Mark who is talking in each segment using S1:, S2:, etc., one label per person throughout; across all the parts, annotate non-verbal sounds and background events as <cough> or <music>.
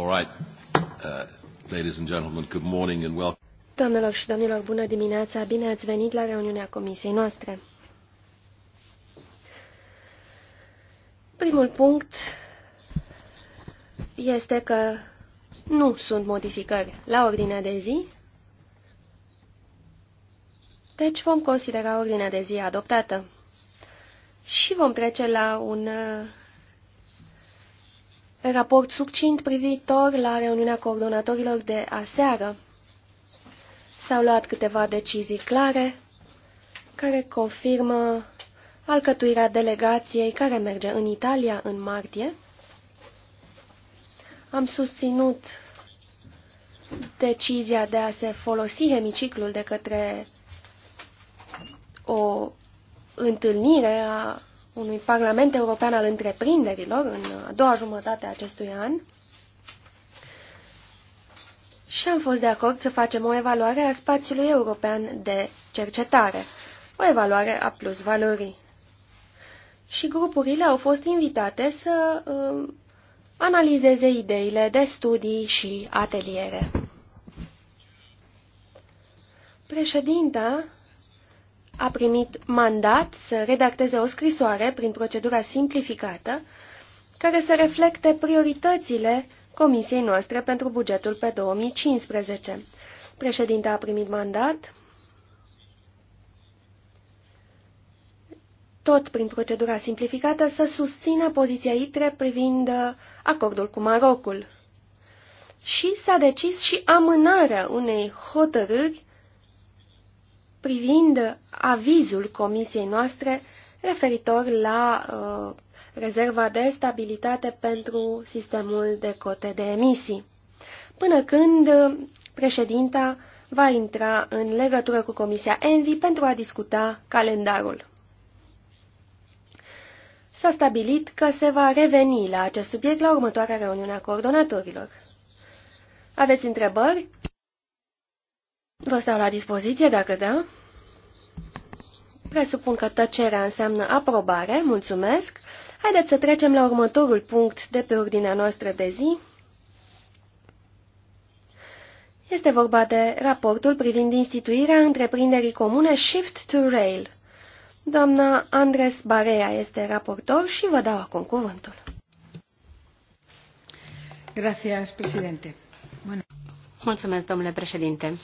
S1: All right. Uh, ladies and gentlemen, good morning and welcome.
S2: Doamnelor și domnilor, bună dimineața! Bine ați venit la reuniunea comisiei noastre. Primul punct este că nu sunt modificări la ordinea de zi, deci vom considera ordinea de zi adoptată. Și vom trece la un uh, raport succint privitor la reuniunea coordonatorilor de aseară. S-au luat câteva decizii clare care confirmă alcătuirea delegației care merge în Italia în martie. Am susținut decizia de a se folosi hemiciclul de către o întâlnire a unui Parlament European al Întreprinderilor în a doua jumătate a acestui an și am fost de acord să facem o evaluare a spațiului european de cercetare, o evaluare a plus valorii. Și grupurile au fost invitate să uh, analizeze ideile de studii și ateliere. Președinta a primit mandat să redacteze o scrisoare prin procedura simplificată care să reflecte prioritățile Comisiei noastre pentru bugetul pe 2015. Președinte a primit mandat tot prin procedura simplificată, să susțină poziția ITRE privind acordul cu Marocul. Și s-a decis și amânarea unei hotărâri privind avizul comisiei noastre referitor la uh, rezerva de stabilitate pentru sistemul de cote de emisii, până când președinta va intra în legătură cu Comisia ENVI pentru a discuta calendarul. S-a stabilit că se va reveni la acest subiect la următoarea reuniune a coordonatorilor. Aveți întrebări? Vă stau la dispoziție, dacă da. Presupun că tăcerea înseamnă aprobare, mulțumesc. Haideți să trecem la următorul punct de pe ordinea noastră de zi. Este vorba de raportul privind instituirea întreprinderii comune Shift to Rail. Doamna Andres Barea este raportor și vă dau acum cuvântul.
S1: Gracias, Bueno. Mulțumesc,
S3: domnule președinte.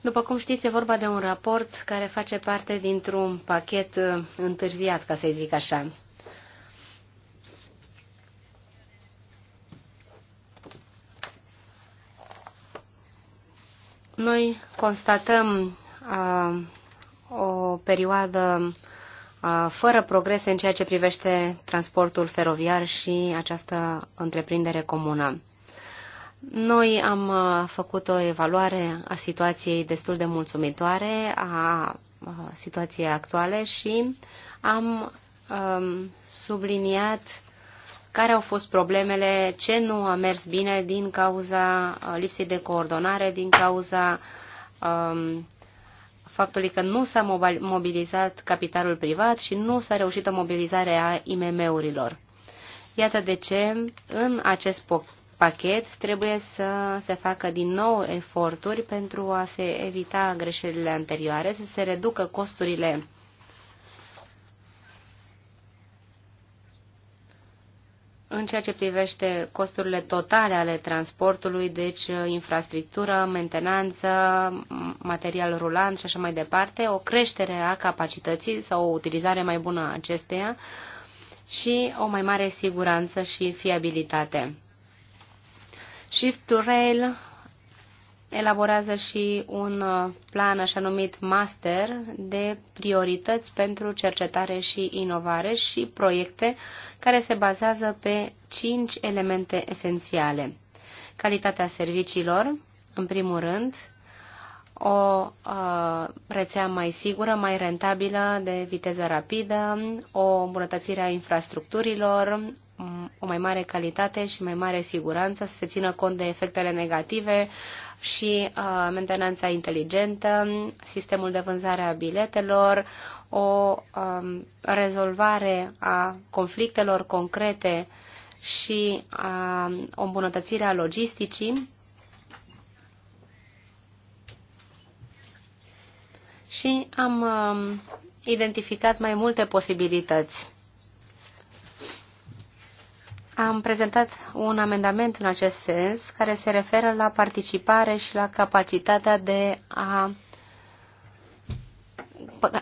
S3: După cum știți, e vorba de un raport care face parte dintr-un pachet uh, întârziat, ca să zic așa. Noi constatăm a, uh, o perioadă a, uh, fără progrese în ceea ce privește transportul feroviar și această întreprindere comună. Noi am uh, făcut o evaluare a situației destul de mulțumitoare, a uh, situației actuale și am um, subliniat care au fost problemele, ce nu a mers bine din cauza uh, lipsei de coordonare, din cauza um, faptului că nu s-a mobilizat capitalul privat și nu s-a reușit o mobilizare a IMM-urilor. Iată de ce, în acest pachet, trebuie să se facă din nou eforturi pentru a se evita greșelile anterioare, să se reducă costurile în ceea ce privește costurile totale ale transportului, deci uh, infrastructură, mentenanță, material rulant și așa mai departe, o creștere a capacității sau o utilizare mai bună a acesteia și o mai mare siguranță și fiabilitate. Shift to Rail elaborează și un uh, plan așa numit master de priorități pentru cercetare și inovare și proiecte care se bazează pe cinci elemente esențiale. Calitatea serviciilor, în primul rând, o uh, rețea mai sigură, mai rentabilă, de viteză rapidă, o îmbunătățire a infrastructurilor, o mai mare calitate și mai mare siguranță, să se țină cont de efectele negative și uh, mentenanța inteligentă, sistemul de vânzare a biletelor, o uh, rezolvare a conflictelor concrete și uh, o îmbunătățire a logisticii și am um, identificat mai multe posibilități. Am prezentat un amendament în acest sens care se referă la participare și la capacitatea de a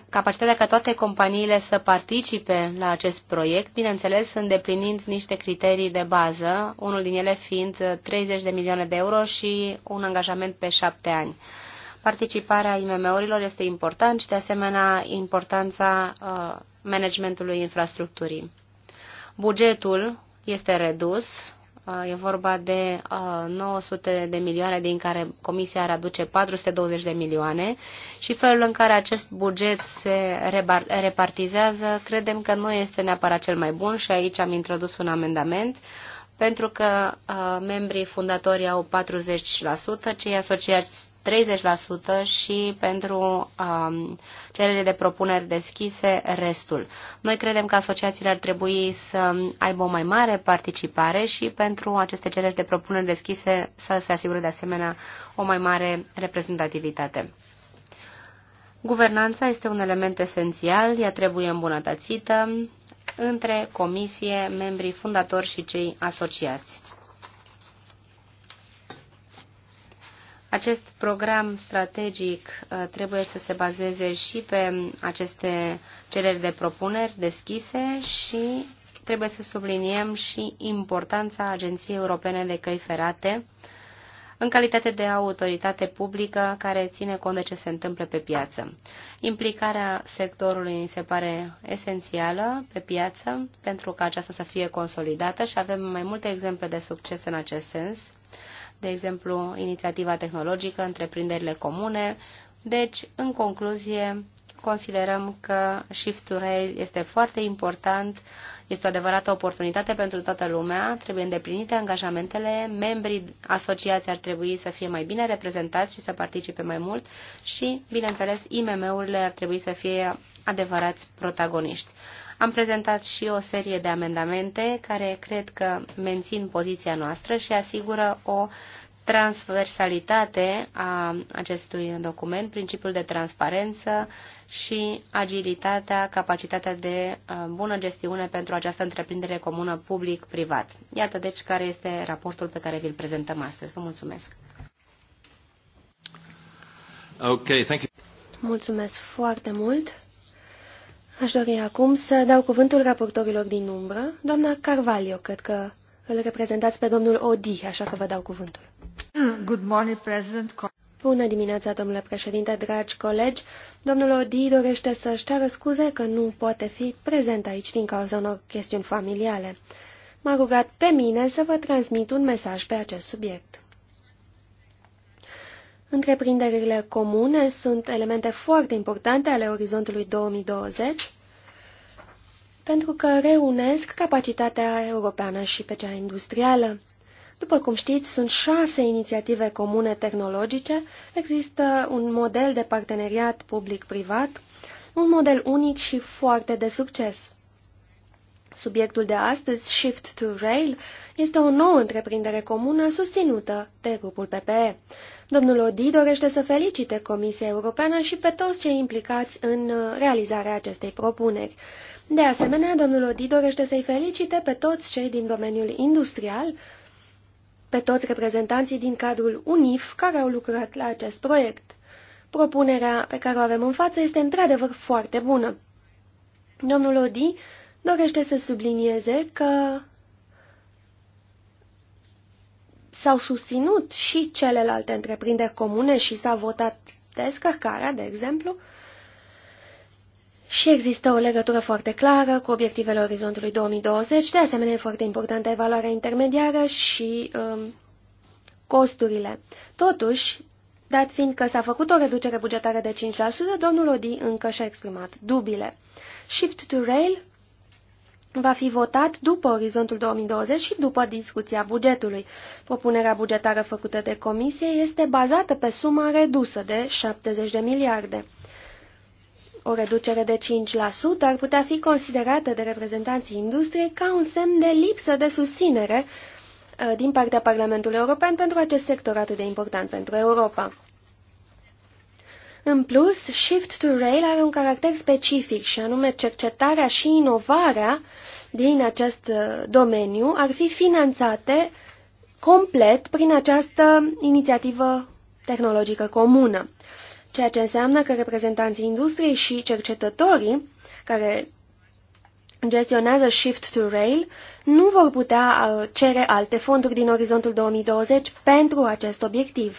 S3: capacitatea ca toate companiile să participe la acest proiect, bineînțeles îndeplinind niște criterii de bază, unul din ele fiind 30 de milioane de euro și un angajament pe șapte ani. Participarea IMM-urilor este important și, de asemenea, importanța uh, managementului infrastructurii. Bugetul este redus, uh, e vorba de 900 uh, de milioane, din care Comisia ar aduce 420 de milioane și felul în care acest buget se repartizează, credem că nu este neapărat cel mai bun și aici am introdus un amendament pentru că uh, membrii fundatori au 40%, cei asociați 30% și pentru um, cererile de propuneri deschise restul. Noi credem că asociațiile ar trebui să aibă o mai mare participare și pentru aceste cereri de propuneri deschise să se asigure de asemenea o mai mare reprezentativitate. Guvernanța este un element esențial, ea trebuie îmbunătățită, între comisie, membrii fundatori și cei asociați. Acest program strategic uh, trebuie să se bazeze și pe aceste cereri de propuneri deschise și trebuie să subliniem și importanța Agenției Europene de Căi Ferate în calitate de autoritate publică care ține cont de ce se întâmplă pe piață. Implicarea sectorului se pare esențială pe piață pentru ca aceasta să fie consolidată și avem mai multe exemple de succes în acest sens, de exemplu inițiativa tehnologică, întreprinderile comune. Deci, în concluzie, considerăm că Shift to Rail este foarte important este o adevărată oportunitate pentru toată lumea, trebuie îndeplinite angajamentele, membrii asociației ar trebui să fie mai bine reprezentați și să participe mai mult și, bineînțeles, IMM-urile ar trebui să fie adevărați protagoniști. Am prezentat și o serie de amendamente care cred că mențin poziția noastră și asigură o transversalitate a acestui document, principiul de transparență și agilitatea, capacitatea de uh, bună gestiune pentru această întreprindere comună public-privat. Iată deci care este raportul pe care vi-l prezentăm astăzi. Vă mulțumesc!
S1: Okay, thank you.
S2: Mulțumesc foarte mult! Aș dori acum să dau cuvântul raportorilor din umbră. Doamna Carvalho, cred că îl reprezentați pe domnul Odi, așa că vă dau cuvântul. Good morning, President. Bună dimineața, domnule președinte, dragi colegi! Domnul Odi dorește să-și ceară scuze că nu poate fi prezent aici din cauza unor chestiuni familiale. M-a rugat pe mine să vă transmit un mesaj pe acest subiect. Întreprinderile comune sunt elemente foarte importante ale orizontului 2020 pentru că reunesc capacitatea europeană și pe cea industrială. După cum știți, sunt șase inițiative comune tehnologice, există un model de parteneriat public-privat, un model unic și foarte de succes. Subiectul de astăzi, Shift to Rail, este o nouă întreprindere comună susținută de grupul PPE. Domnul Odi dorește să felicite Comisia Europeană și pe toți cei implicați în uh, realizarea acestei propuneri. De asemenea, domnul Odi dorește să-i felicite pe toți cei din domeniul industrial pe toți reprezentanții din cadrul UNIF care au lucrat la acest proiect. Propunerea pe care o avem în față este într-adevăr foarte bună. Domnul Odi dorește să sublinieze că s-au susținut și celelalte întreprinderi comune și s-a votat descărcarea, de exemplu, și există o legătură foarte clară cu obiectivele orizontului 2020, de asemenea e foarte importantă evaluarea intermediară și um, costurile. Totuși, dat fiind că s-a făcut o reducere bugetară de 5%, domnul Odi încă și-a exprimat dubile. Shift to Rail va fi votat după orizontul 2020 și după discuția bugetului. Propunerea bugetară făcută de comisie este bazată pe suma redusă de 70 de miliarde. O reducere de 5% ar putea fi considerată de reprezentanții industriei ca un semn de lipsă de susținere uh, din partea Parlamentului European pentru acest sector atât de important pentru Europa. În plus, Shift to Rail are un caracter specific și anume cercetarea și inovarea din acest uh, domeniu ar fi finanțate complet prin această inițiativă tehnologică comună ceea ce înseamnă că reprezentanții industriei și cercetătorii care gestionează Shift to Rail nu vor putea uh, cere alte fonduri din orizontul 2020 pentru acest obiectiv.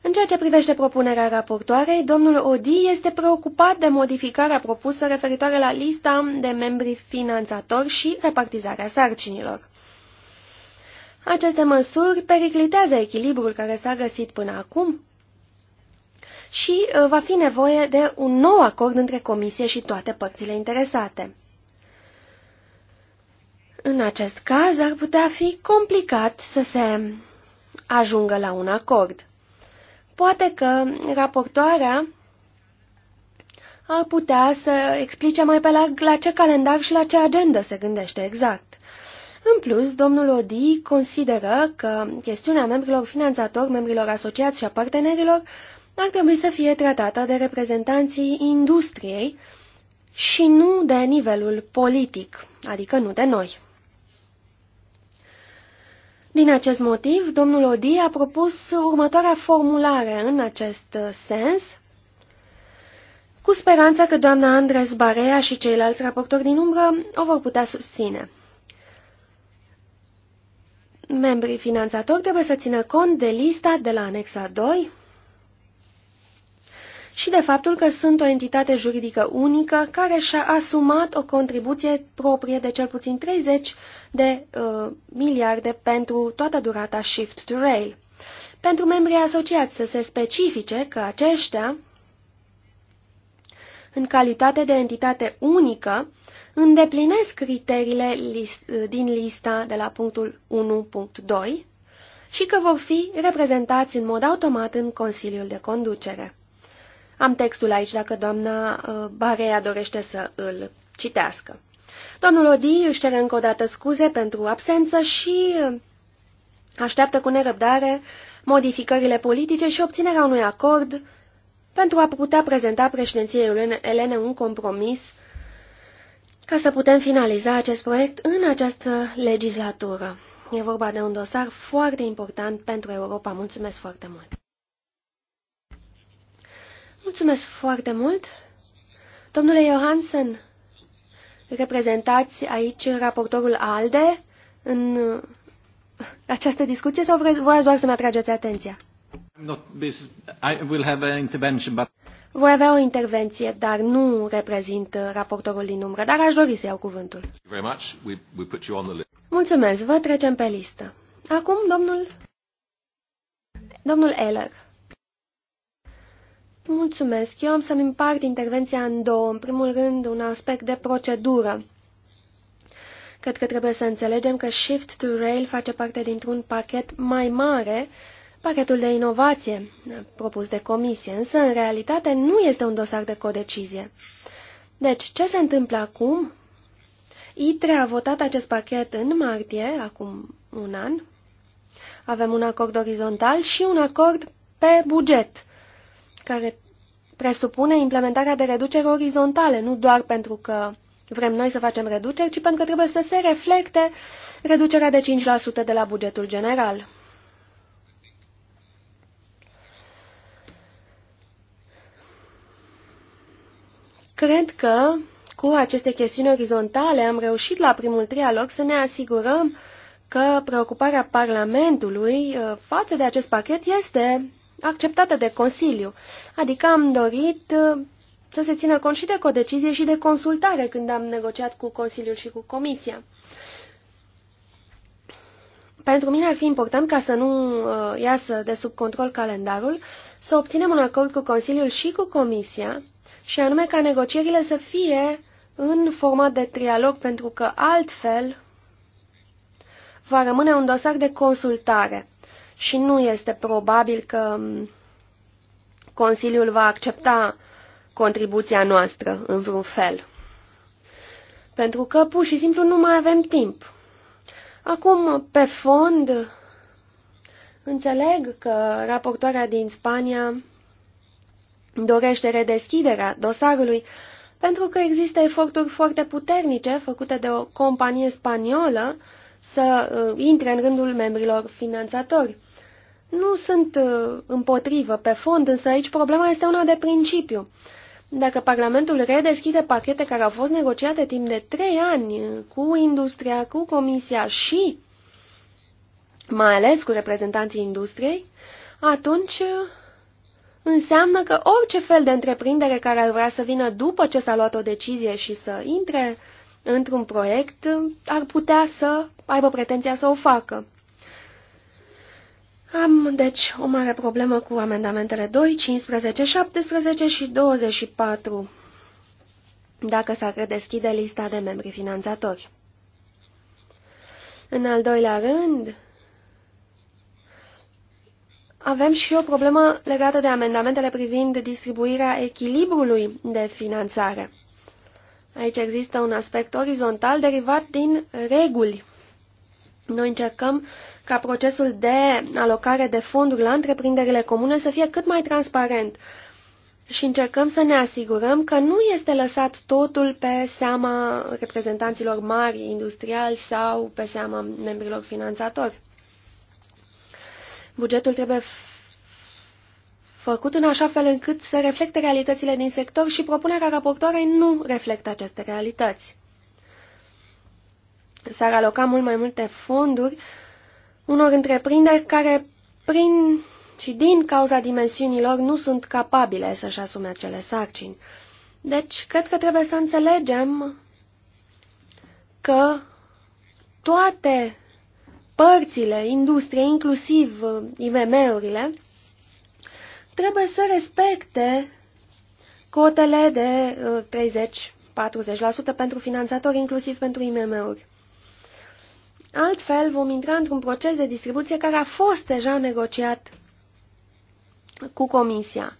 S2: În ceea ce privește propunerea raportoarei, domnul Odi este preocupat de modificarea propusă referitoare la lista de membri finanțatori și repartizarea sarcinilor. Aceste măsuri periclitează echilibrul care s-a găsit până acum și uh, va fi nevoie de un nou acord între Comisie și toate părțile interesate. În acest caz ar putea fi complicat să se ajungă la un acord. Poate că raportoarea ar putea să explice mai pe la, la ce calendar și la ce agendă se gândește exact. În plus, domnul Odi consideră că chestiunea membrilor finanțatori, membrilor asociați și a partenerilor ar trebui să fie tratată de reprezentanții industriei și nu de nivelul politic, adică nu de noi. Din acest motiv, domnul Odi a propus următoarea formulare în acest sens, cu speranța că doamna Andres Barea și ceilalți raportori din umbră o vor putea susține. Membrii finanțatori trebuie să țină cont de lista de la anexa 2 și de faptul că sunt o entitate juridică unică care și-a asumat o contribuție proprie de cel puțin 30 de uh, miliarde pentru toată durata Shift to Rail. Pentru membrii asociați să se specifice că aceștia, în calitate de entitate unică, îndeplinesc criteriile list, uh, din lista de la punctul 1.2 și că vor fi reprezentați în mod automat în Consiliul de Conducere. Am textul aici dacă doamna uh, Barea dorește să îl citească. Domnul Odi își cere încă o dată scuze pentru absență și uh, așteaptă cu nerăbdare modificările politice și obținerea unui acord pentru a putea prezenta președinției Elene un compromis ca să putem finaliza acest proiect în această legislatură. E vorba de un dosar foarte important pentru Europa. Mulțumesc foarte mult! Mulțumesc foarte mult. Domnule Johansen, reprezentați aici raportorul ALDE în uh, această discuție sau vreți doar să-mi atrageți atenția? Voi avea o intervenție, dar nu reprezint uh, raportorul din umbră, dar aș dori să iau cuvântul. Mulțumesc, vă trecem pe listă. Acum, domnul, domnul Eller. Mulțumesc. Eu am să-mi împart intervenția în două. În primul rând, un aspect de procedură. Cred că trebuie să înțelegem că Shift to Rail face parte dintr-un pachet mai mare, pachetul de inovație propus de comisie, însă în realitate nu este un dosar de codecizie. Deci, ce se întâmplă acum? ITRE a votat acest pachet în martie, acum un an. Avem un acord orizontal și un acord pe buget care presupune implementarea de reduceri orizontale, nu doar pentru că vrem noi să facem reduceri, ci pentru că trebuie să se reflecte reducerea de 5% de la bugetul general. Cred că cu aceste chestiuni orizontale am reușit la primul trialog să ne asigurăm că preocuparea Parlamentului uh, față de acest pachet este acceptată de Consiliu. Adică am dorit uh, să se țină cont și de codecizie și de consultare când am negociat cu Consiliul și cu Comisia. Pentru mine ar fi important ca să nu uh, iasă de sub control calendarul, să obținem un acord cu Consiliul și cu Comisia, și anume ca negocierile să fie în format de trialog, pentru că altfel va rămâne un dosar de consultare și nu este probabil că Consiliul va accepta contribuția noastră în vreun fel. Pentru că pur și simplu nu mai avem timp. Acum, pe fond, înțeleg că raportoarea din Spania dorește redeschiderea dosarului pentru că există eforturi foarte puternice făcute de o companie spaniolă să uh, intre în rândul membrilor finanțatori. Nu sunt uh, împotrivă pe fond, însă aici problema este una de principiu. Dacă Parlamentul redeschide pachete care au fost negociate timp de trei ani uh, cu industria, cu Comisia și mai ales cu reprezentanții industriei, atunci uh, înseamnă că orice fel de întreprindere care ar vrea să vină după ce s-a luat o decizie și să intre într-un proiect ar putea să aibă pretenția să o facă. Am, deci, o mare problemă cu amendamentele 2, 15, 17 și 24, dacă s-ar redeschide lista de membri finanțatori. În al doilea rând, avem și o problemă legată de amendamentele privind distribuirea echilibrului de finanțare. Aici există un aspect orizontal derivat din reguli. Noi încercăm uh, ca procesul de alocare de fonduri la întreprinderile comune să fie cât mai transparent și încercăm să ne asigurăm că nu este lăsat totul pe seama reprezentanților mari industriali sau pe seama membrilor finanțatori. Bugetul trebuie făcut în așa fel încât să reflecte realitățile din sector și propunerea raportoarei nu reflectă aceste realități. S-ar aloca mult mai multe fonduri unor întreprinderi care, prin și din cauza dimensiunilor, nu sunt capabile să-și asume acele sarcini. Deci, cred că trebuie să înțelegem că toate părțile industriei, inclusiv uh, IMM-urile, trebuie să respecte cotele de 30-40% uh, pentru finanțatori, inclusiv pentru IMM-uri. Altfel, vom intra într-un proces de distribuție care a fost deja negociat cu Comisia.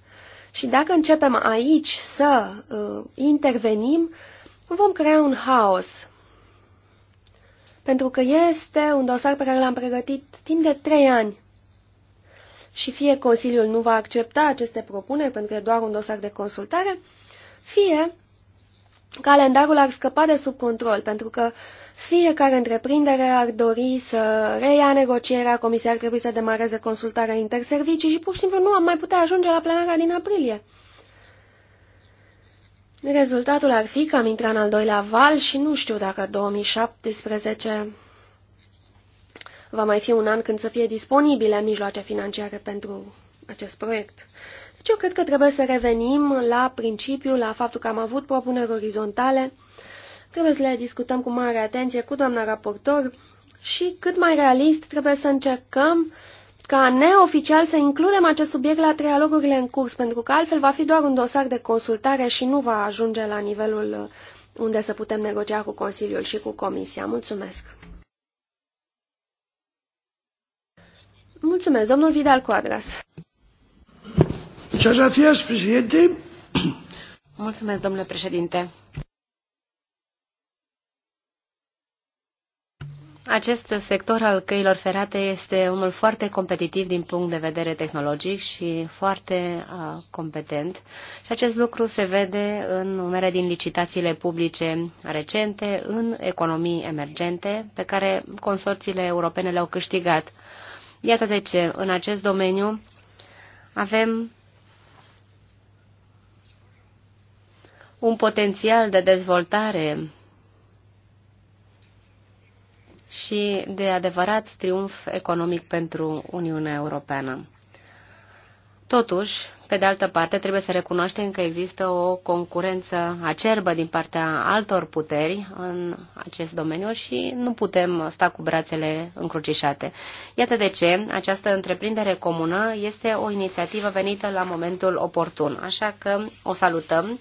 S2: Și dacă începem aici să uh, intervenim, vom crea un haos. Pentru că este un dosar pe care l-am pregătit timp de trei ani. Și fie Consiliul nu va accepta aceste propuneri, pentru că e doar un dosar de consultare, fie calendarul ar scăpa de sub control, pentru că uh, fiecare întreprindere ar dori să reia negocierea, comisia ar trebui să demareze consultarea interservicii și pur și simplu nu am mai putea ajunge la plenarea din aprilie. Rezultatul ar fi că am intrat în al doilea val și nu știu dacă 2017 va mai fi un an când să fie disponibile mijloace financiare pentru acest proiect. Deci eu cred că trebuie să revenim la principiu, la faptul că am avut propuneri orizontale, Trebuie să le discutăm cu mare atenție cu doamna raportor și cât mai realist trebuie să încercăm ca neoficial să includem acest subiect la trialogurile în curs, pentru că altfel va fi doar un dosar de consultare și nu va ajunge la nivelul uh, unde să putem negocia cu Consiliul și cu Comisia. Mulțumesc! Mulțumesc, domnul Vidal Coadras.
S3: Muchas gracias, președinte? Mulțumesc, domnule președinte. Acest sector al căilor ferate este unul foarte competitiv din punct de vedere tehnologic și foarte uh, competent și acest lucru se vede în numere din licitațiile publice recente, în economii emergente pe care consorțiile europene le-au câștigat. Iată de ce în acest domeniu avem un potențial de dezvoltare și de adevărat triumf economic pentru Uniunea Europeană. Totuși, pe de altă parte, trebuie să recunoaștem că există o concurență acerbă din partea altor puteri în acest domeniu și nu putem sta cu brațele încrucișate. Iată de ce această întreprindere comună este o inițiativă venită la momentul oportun, așa că o salutăm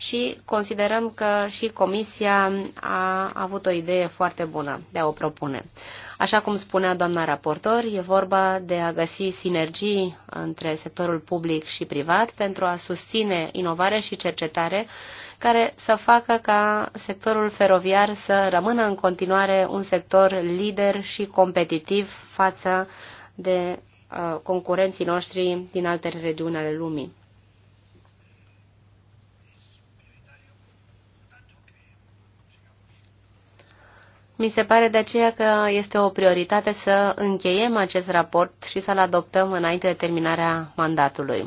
S3: și considerăm că și Comisia a avut o idee foarte bună de a o propune. Așa cum spunea doamna raportor, e vorba de a găsi sinergii între sectorul public și privat pentru a susține inovare și cercetare care să facă ca sectorul feroviar să rămână în continuare un sector lider și competitiv față de uh, concurenții noștri din alte regiuni ale lumii. Mi se pare de aceea că este o prioritate să încheiem acest raport și să-l adoptăm înainte de terminarea mandatului.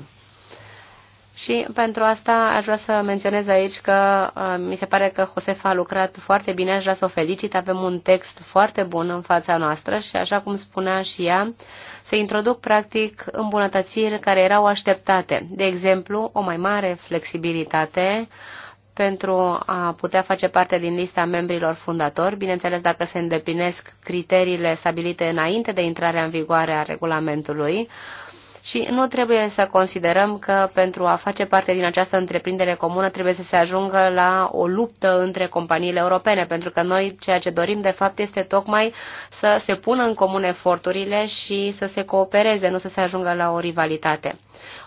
S3: Și pentru asta aș vrea să menționez aici că uh, mi se pare că Josefa a lucrat foarte bine, aș vrea să o felicit, avem un text foarte bun în fața noastră și așa cum spunea și ea, se introduc practic îmbunătățiri care erau așteptate. De exemplu, o mai mare flexibilitate pentru a putea face parte din lista membrilor fundatori, bineînțeles dacă se îndeplinesc criteriile stabilite înainte de intrarea în vigoare a regulamentului, uh, și nu trebuie să considerăm că pentru a face parte din această întreprindere comună trebuie să se ajungă la o luptă între companiile europene, pentru că noi ceea ce dorim de fapt este tocmai să se pună în comun eforturile și să se coopereze, nu să se ajungă la o rivalitate.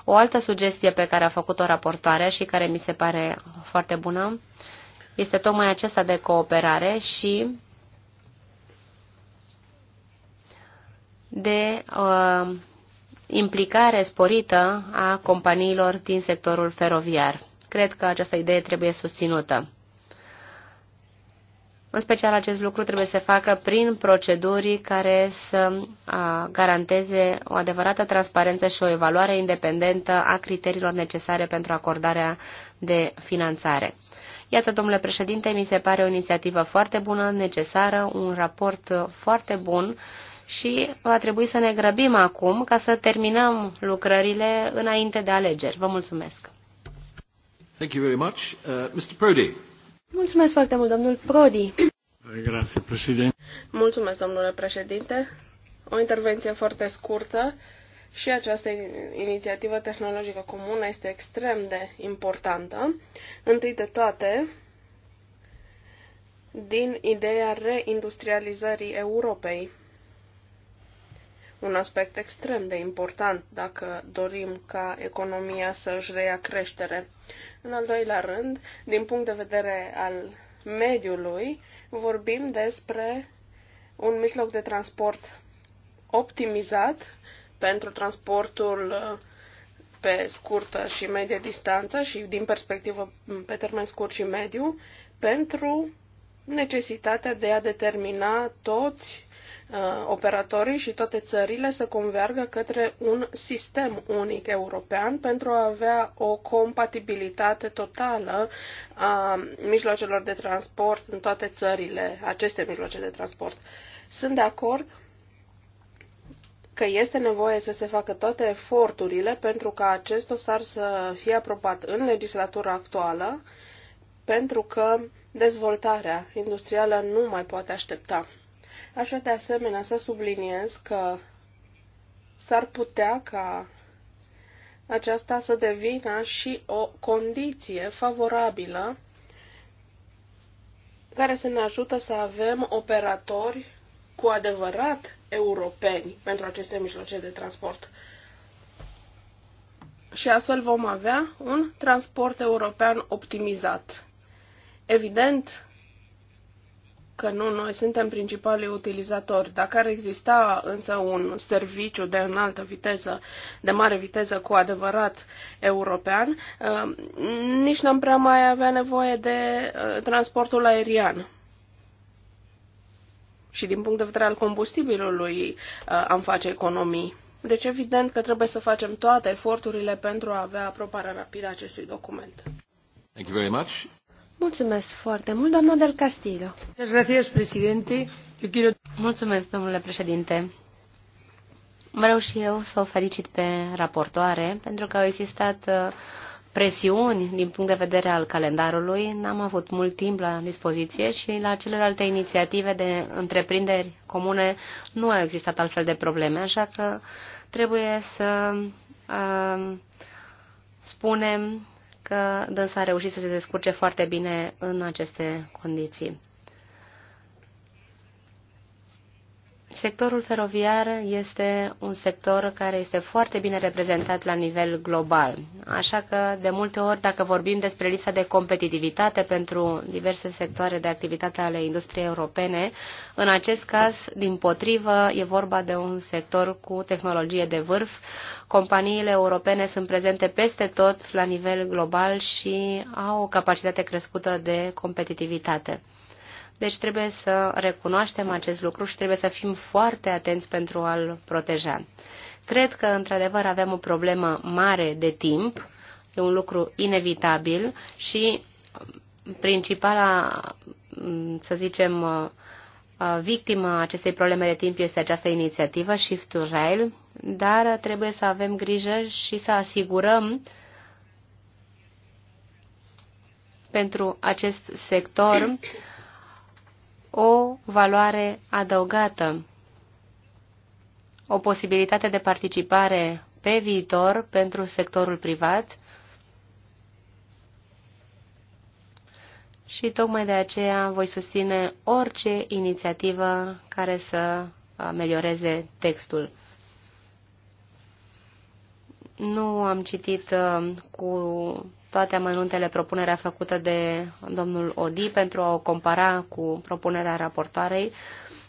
S3: O altă sugestie pe care a făcut-o raportoarea și care mi se pare foarte bună este tocmai aceasta de cooperare și de uh, implicare sporită a companiilor din sectorul feroviar. Cred că această idee trebuie susținută. În special acest lucru trebuie să facă prin proceduri care să garanteze o adevărată transparență și o evaluare independentă a criteriilor necesare pentru acordarea de finanțare. Iată, domnule președinte, mi se pare o inițiativă foarte bună, necesară, un raport foarte bun și va trebui să ne grăbim acum ca să terminăm lucrările înainte de alegeri. Vă mulțumesc.
S1: Thank you very much. Uh, Mr. Prodi.
S3: Mulțumesc foarte mult, domnul Prodi.
S1: Grazie, președinte.
S4: Mulțumesc, domnule președinte. O intervenție foarte scurtă și această inițiativă tehnologică comună este extrem de importantă. Întâi de toate, din ideea reindustrializării Europei un aspect extrem de important dacă dorim ca economia să își reia creștere. În al doilea rând, din punct de vedere al mediului, vorbim despre un mijloc de transport optimizat pentru transportul uh, pe scurtă și medie distanță și din perspectivă mm, pe termen scurt și mediu, pentru necesitatea de a determina toți Uh, operatorii și toate țările să convergă către un sistem unic european pentru a avea o compatibilitate totală a mijloacelor de transport în toate țările, aceste mijloace de transport. Sunt de acord că este nevoie să se facă toate eforturile pentru ca acest dosar să fie aprobat în legislatura actuală, pentru că dezvoltarea industrială nu mai poate aștepta. Așa de asemenea să subliniez că s-ar putea ca aceasta să devină și o condiție favorabilă care să ne ajută să avem operatori cu adevărat europeni pentru aceste mijloace de transport. Și astfel vom avea un transport european optimizat. Evident, că nu noi suntem principalii utilizatori. Dacă ar exista însă un serviciu de înaltă viteză, de mare viteză cu adevărat european, uh, nici n-am prea mai avea nevoie de uh, transportul aerian. Și din punct de vedere al combustibilului uh, am face economii. Deci evident că trebuie să facem toate eforturile pentru a avea aprobarea rapidă a acestui document.
S1: Thank you very much.
S2: Mulțumesc foarte mult, doamna Del Castillo.
S3: Mulțumesc, domnule președinte. Vreau și eu să o felicit pe raportoare, pentru că au existat uh, presiuni din punct de vedere al calendarului. N-am avut mult timp la dispoziție și la celelalte inițiative de întreprinderi comune nu au existat altfel de probleme, așa că trebuie să uh, spunem că dânsa a reușit să se descurce foarte bine în aceste condiții. Sectorul feroviar este un sector care este foarte bine reprezentat la nivel global, așa că de multe ori dacă vorbim despre lipsa de competitivitate pentru diverse sectoare de activitate ale industriei europene, în acest caz, din potrivă, e vorba de un sector cu tehnologie de vârf. Companiile europene sunt prezente peste tot la nivel global și au o capacitate crescută de competitivitate. Deci trebuie să recunoaștem acest lucru și trebuie să fim foarte atenți pentru a-l proteja. Cred că, într-adevăr, avem o problemă mare de timp, e un lucru inevitabil și principala, să zicem, uh, uh, victima acestei probleme de timp este această inițiativă Shift to Rail, dar trebuie să avem grijă și să asigurăm pentru acest sector o valoare adăugată, o posibilitate de participare pe viitor pentru sectorul privat și tocmai de aceea voi susține orice inițiativă care să amelioreze textul. Nu am citit uh, cu toate amănuntele propunerea făcută de domnul Odi pentru a o compara cu propunerea raportoarei,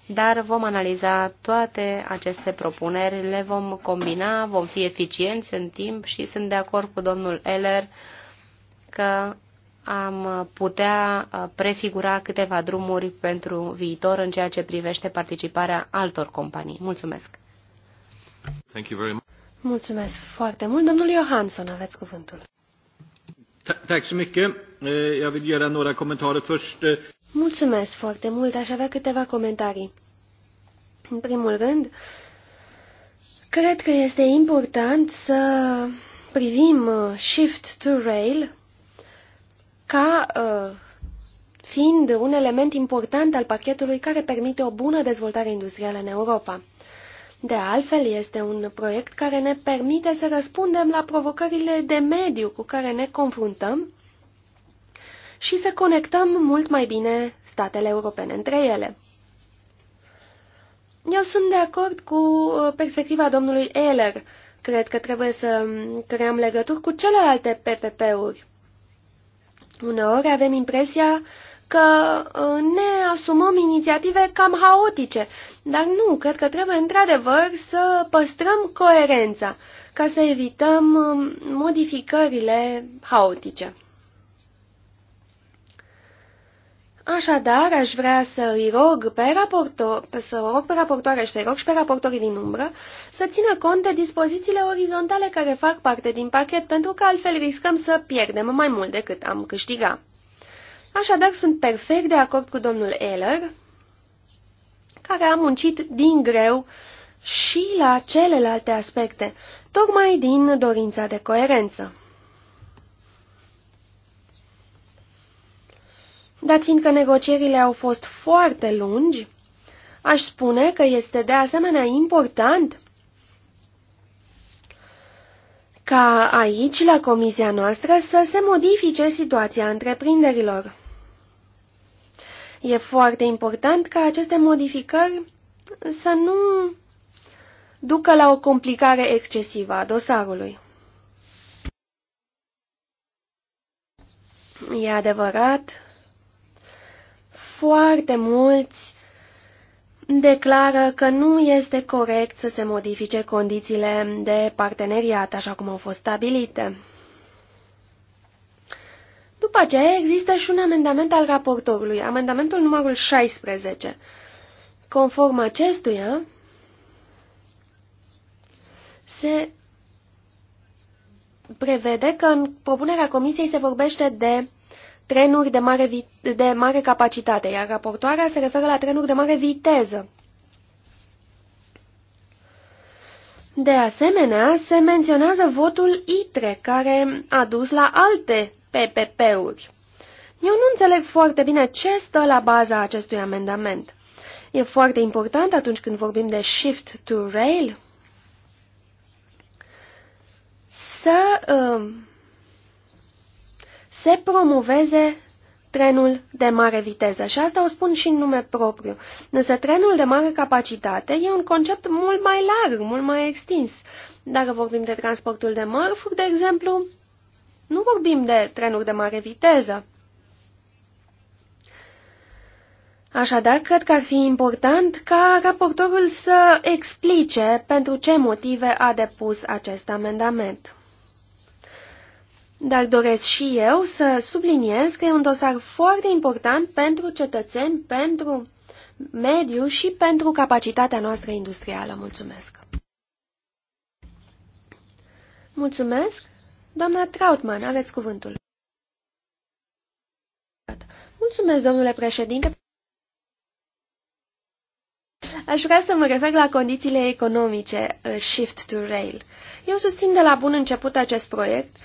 S3: dar vom analiza toate aceste propuneri, le vom combina, vom fi eficienți în timp și sunt de acord cu domnul Eller că am putea uh, prefigura câteva drumuri pentru viitor în ceea ce privește participarea altor companii. Mulțumesc! Thank you very much. Mulțumesc foarte mult. Domnul Johansson, aveți cuvântul.
S1: Eh, eh,
S2: Mulțumesc foarte mult, aș avea câteva comentarii. În primul rând, cred că este important să privim uh, Shift to Rail ca uh, fiind un element important al pachetului care permite o bună dezvoltare industrială în Europa. De altfel, este un proiect care ne permite să răspundem la provocările de mediu cu care ne confruntăm și să conectăm mult mai bine statele europene între ele. Eu sunt de acord cu uh, perspectiva domnului Ehler. Cred că trebuie să um, creăm legături cu celelalte PPP-uri. Uneori avem impresia că uh, ne asumăm inițiative cam haotice, dar nu, cred că trebuie într-adevăr să păstrăm coerența ca să evităm um, modificările haotice. Așadar, aș vrea să îi rog pe raportor, să rog pe raportoare și să rog și pe raportorii din umbră să țină cont de dispozițiile orizontale care fac parte din pachet, pentru că altfel riscăm să pierdem mai mult decât am câștigat. Așadar, sunt perfect de acord cu domnul Eller, care a muncit din greu și la celelalte aspecte, tocmai din dorința de coerență. Dat fiindcă negocierile au fost foarte lungi, aș spune că este de asemenea important ca aici, la comisia noastră, să se modifice situația întreprinderilor. E foarte important ca aceste modificări să nu ducă la o complicare excesivă a dosarului. E adevărat, foarte mulți declară că nu este corect să se modifice condițiile de parteneriat așa cum au fost stabilite. După aceea există și un amendament al raportorului, amendamentul numărul 16. Conform acestuia, se prevede că în propunerea comisiei se vorbește de trenuri de mare, de mare capacitate, iar raportoarea se referă la trenuri de mare viteză. De asemenea, se menționează votul ITRE, care a dus la alte PPP-uri. Eu nu înțeleg foarte bine ce stă la baza acestui amendament. E foarte important atunci când vorbim de shift to rail să uh, se promoveze trenul de mare viteză. Și asta o spun și în nume propriu. Însă trenul de mare capacitate e un concept mult mai larg, mult mai extins. Dacă vorbim de transportul de mărfuri, de exemplu, nu vorbim de trenuri de mare viteză. Așadar, cred că ar fi important ca raportorul să explice pentru ce motive a depus acest amendament. Dar doresc și eu să subliniez că e un dosar foarte important pentru cetățeni, pentru mediu și pentru capacitatea noastră industrială. Mulțumesc! Mulțumesc! Doamna Trautmann, aveți cuvântul. Mulțumesc, domnule președinte. Aș vrea să mă refer la condițiile economice, uh, Shift to Rail. Eu susțin de la bun început acest proiect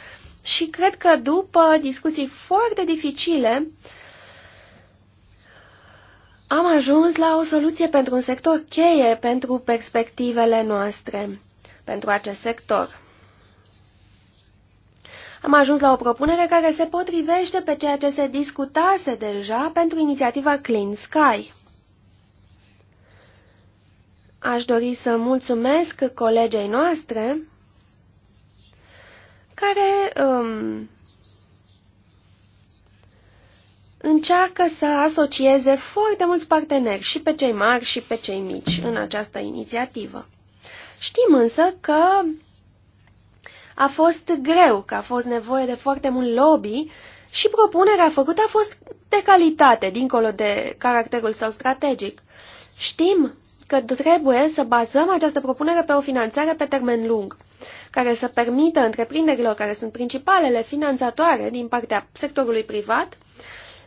S2: și cred că după discuții foarte dificile am ajuns la o soluție pentru un sector cheie pentru perspectivele noastre, pentru acest sector. Am ajuns la o propunere care se potrivește pe ceea ce se discutase deja pentru inițiativa Clean Sky. Aș dori să mulțumesc colegei noastre care um, încearcă să asocieze foarte mulți parteneri, și pe cei mari și pe cei mici, în această inițiativă. Știm însă că a fost greu, că a fost nevoie de foarte mult lobby și propunerea făcută a fost de calitate, dincolo de caracterul său strategic. Știm că trebuie să bazăm această propunere pe o finanțare pe termen lung, care să permită întreprinderilor care sunt principalele finanțatoare din partea sectorului privat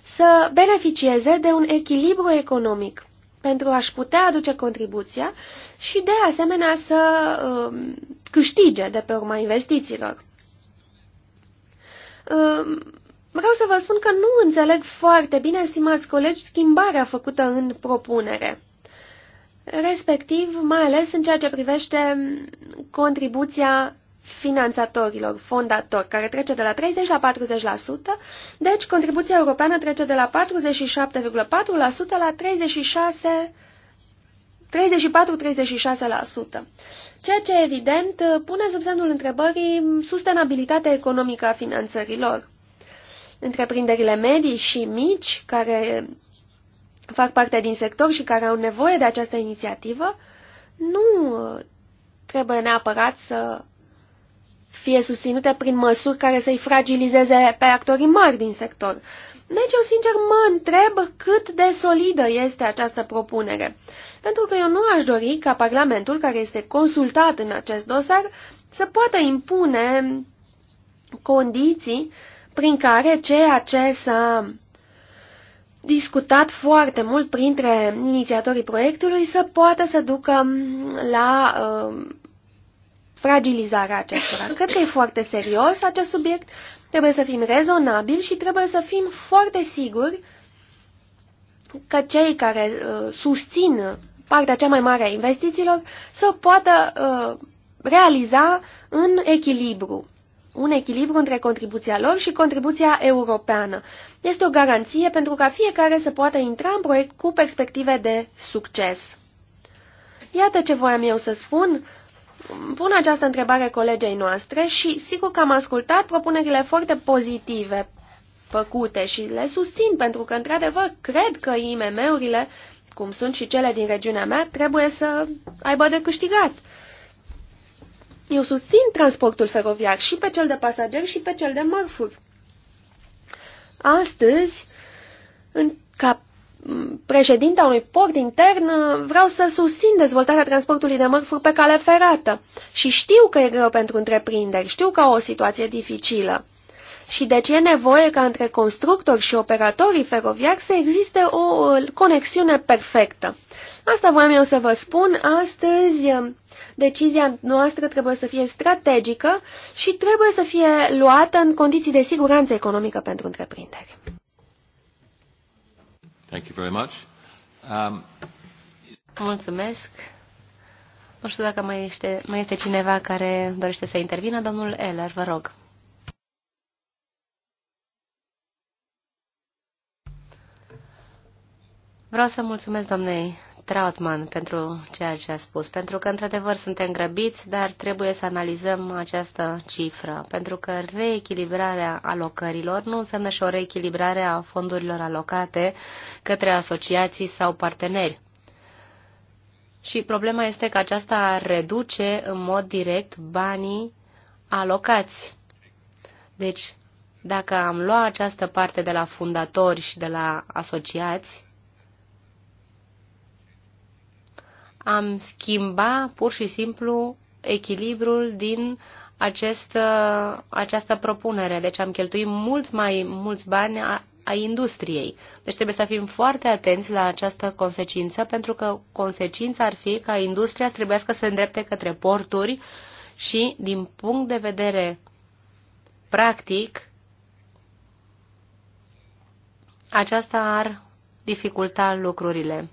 S2: să beneficieze de un echilibru economic pentru a-și putea aduce contribuția și de asemenea să um, câștige de pe urma investițiilor. Um, vreau să vă spun că nu înțeleg foarte bine, stimați colegi, schimbarea făcută în propunere respectiv mai ales în ceea ce privește contribuția finanțatorilor, fondatori, care trece de la 30 la 40%, deci contribuția europeană trece de la 47,4% la 36 34-36%, ceea ce, evident, pune sub semnul întrebării sustenabilitatea economică a finanțărilor. Întreprinderile medii și mici, care fac parte din sector și care au nevoie de această inițiativă, nu trebuie neapărat să fie susținute prin măsuri care să-i fragilizeze pe actorii mari din sector. Deci eu sincer mă întreb cât de solidă este această propunere, pentru că eu nu aș dori ca Parlamentul, care este consultat în acest dosar, să poată impune condiții prin care ceea ce s-a discutat foarte mult printre inițiatorii proiectului să poată să ducă la uh, fragilizarea acestora. Cred că e foarte serios acest subiect Trebuie să fim rezonabili și trebuie să fim foarte siguri că cei care uh, susțin partea cea mai mare a investițiilor să poată uh, realiza în echilibru. Un echilibru între contribuția lor și contribuția europeană. Este o garanție pentru ca fiecare să poată intra în proiect cu perspective de succes. Iată ce voiam eu să spun pun această întrebare colegei noastre și sigur că am ascultat propunerile foarte pozitive făcute și le susțin pentru că, într-adevăr, cred că IMM-urile, cum sunt și cele din regiunea mea, trebuie să aibă de câștigat. Eu susțin transportul feroviar și pe cel de pasageri și pe cel de mărfuri. Astăzi, în, cap președinte a unui port intern, vreau să susțin dezvoltarea transportului de mărfuri pe cale ferată. Și știu că e greu pentru întreprinderi, știu că au o situație dificilă. Și de deci ce e nevoie ca între constructori și operatorii feroviari să existe o conexiune perfectă. Asta voiam eu să vă spun astăzi. Decizia noastră trebuie să fie strategică și trebuie să fie luată în condiții de siguranță economică pentru întreprinderi.
S1: Thank you very much. Um...
S3: Mulțumesc. Nu știu dacă mai este, mai este cineva care dorește să intervină. Domnul Eller, vă rog. Vreau să mulțumesc doamnei Trautmann pentru ceea ce a spus, pentru că, într-adevăr, suntem grăbiți, dar trebuie să analizăm această cifră, pentru că reechilibrarea alocărilor nu înseamnă și o reechilibrare a fondurilor alocate către asociații sau parteneri. Și problema este că aceasta reduce în mod direct banii alocați. Deci, dacă am luat această parte de la fundatori și de la asociați, am schimba pur și simplu echilibrul din acest, uh, această propunere. Deci am cheltuit mult mai mulți bani a, a industriei. Deci trebuie să fim foarte atenți la această consecință, pentru că consecința ar fi ca industria să trebuiască să se îndrepte către porturi și, din punct de vedere practic, aceasta ar dificulta lucrurile.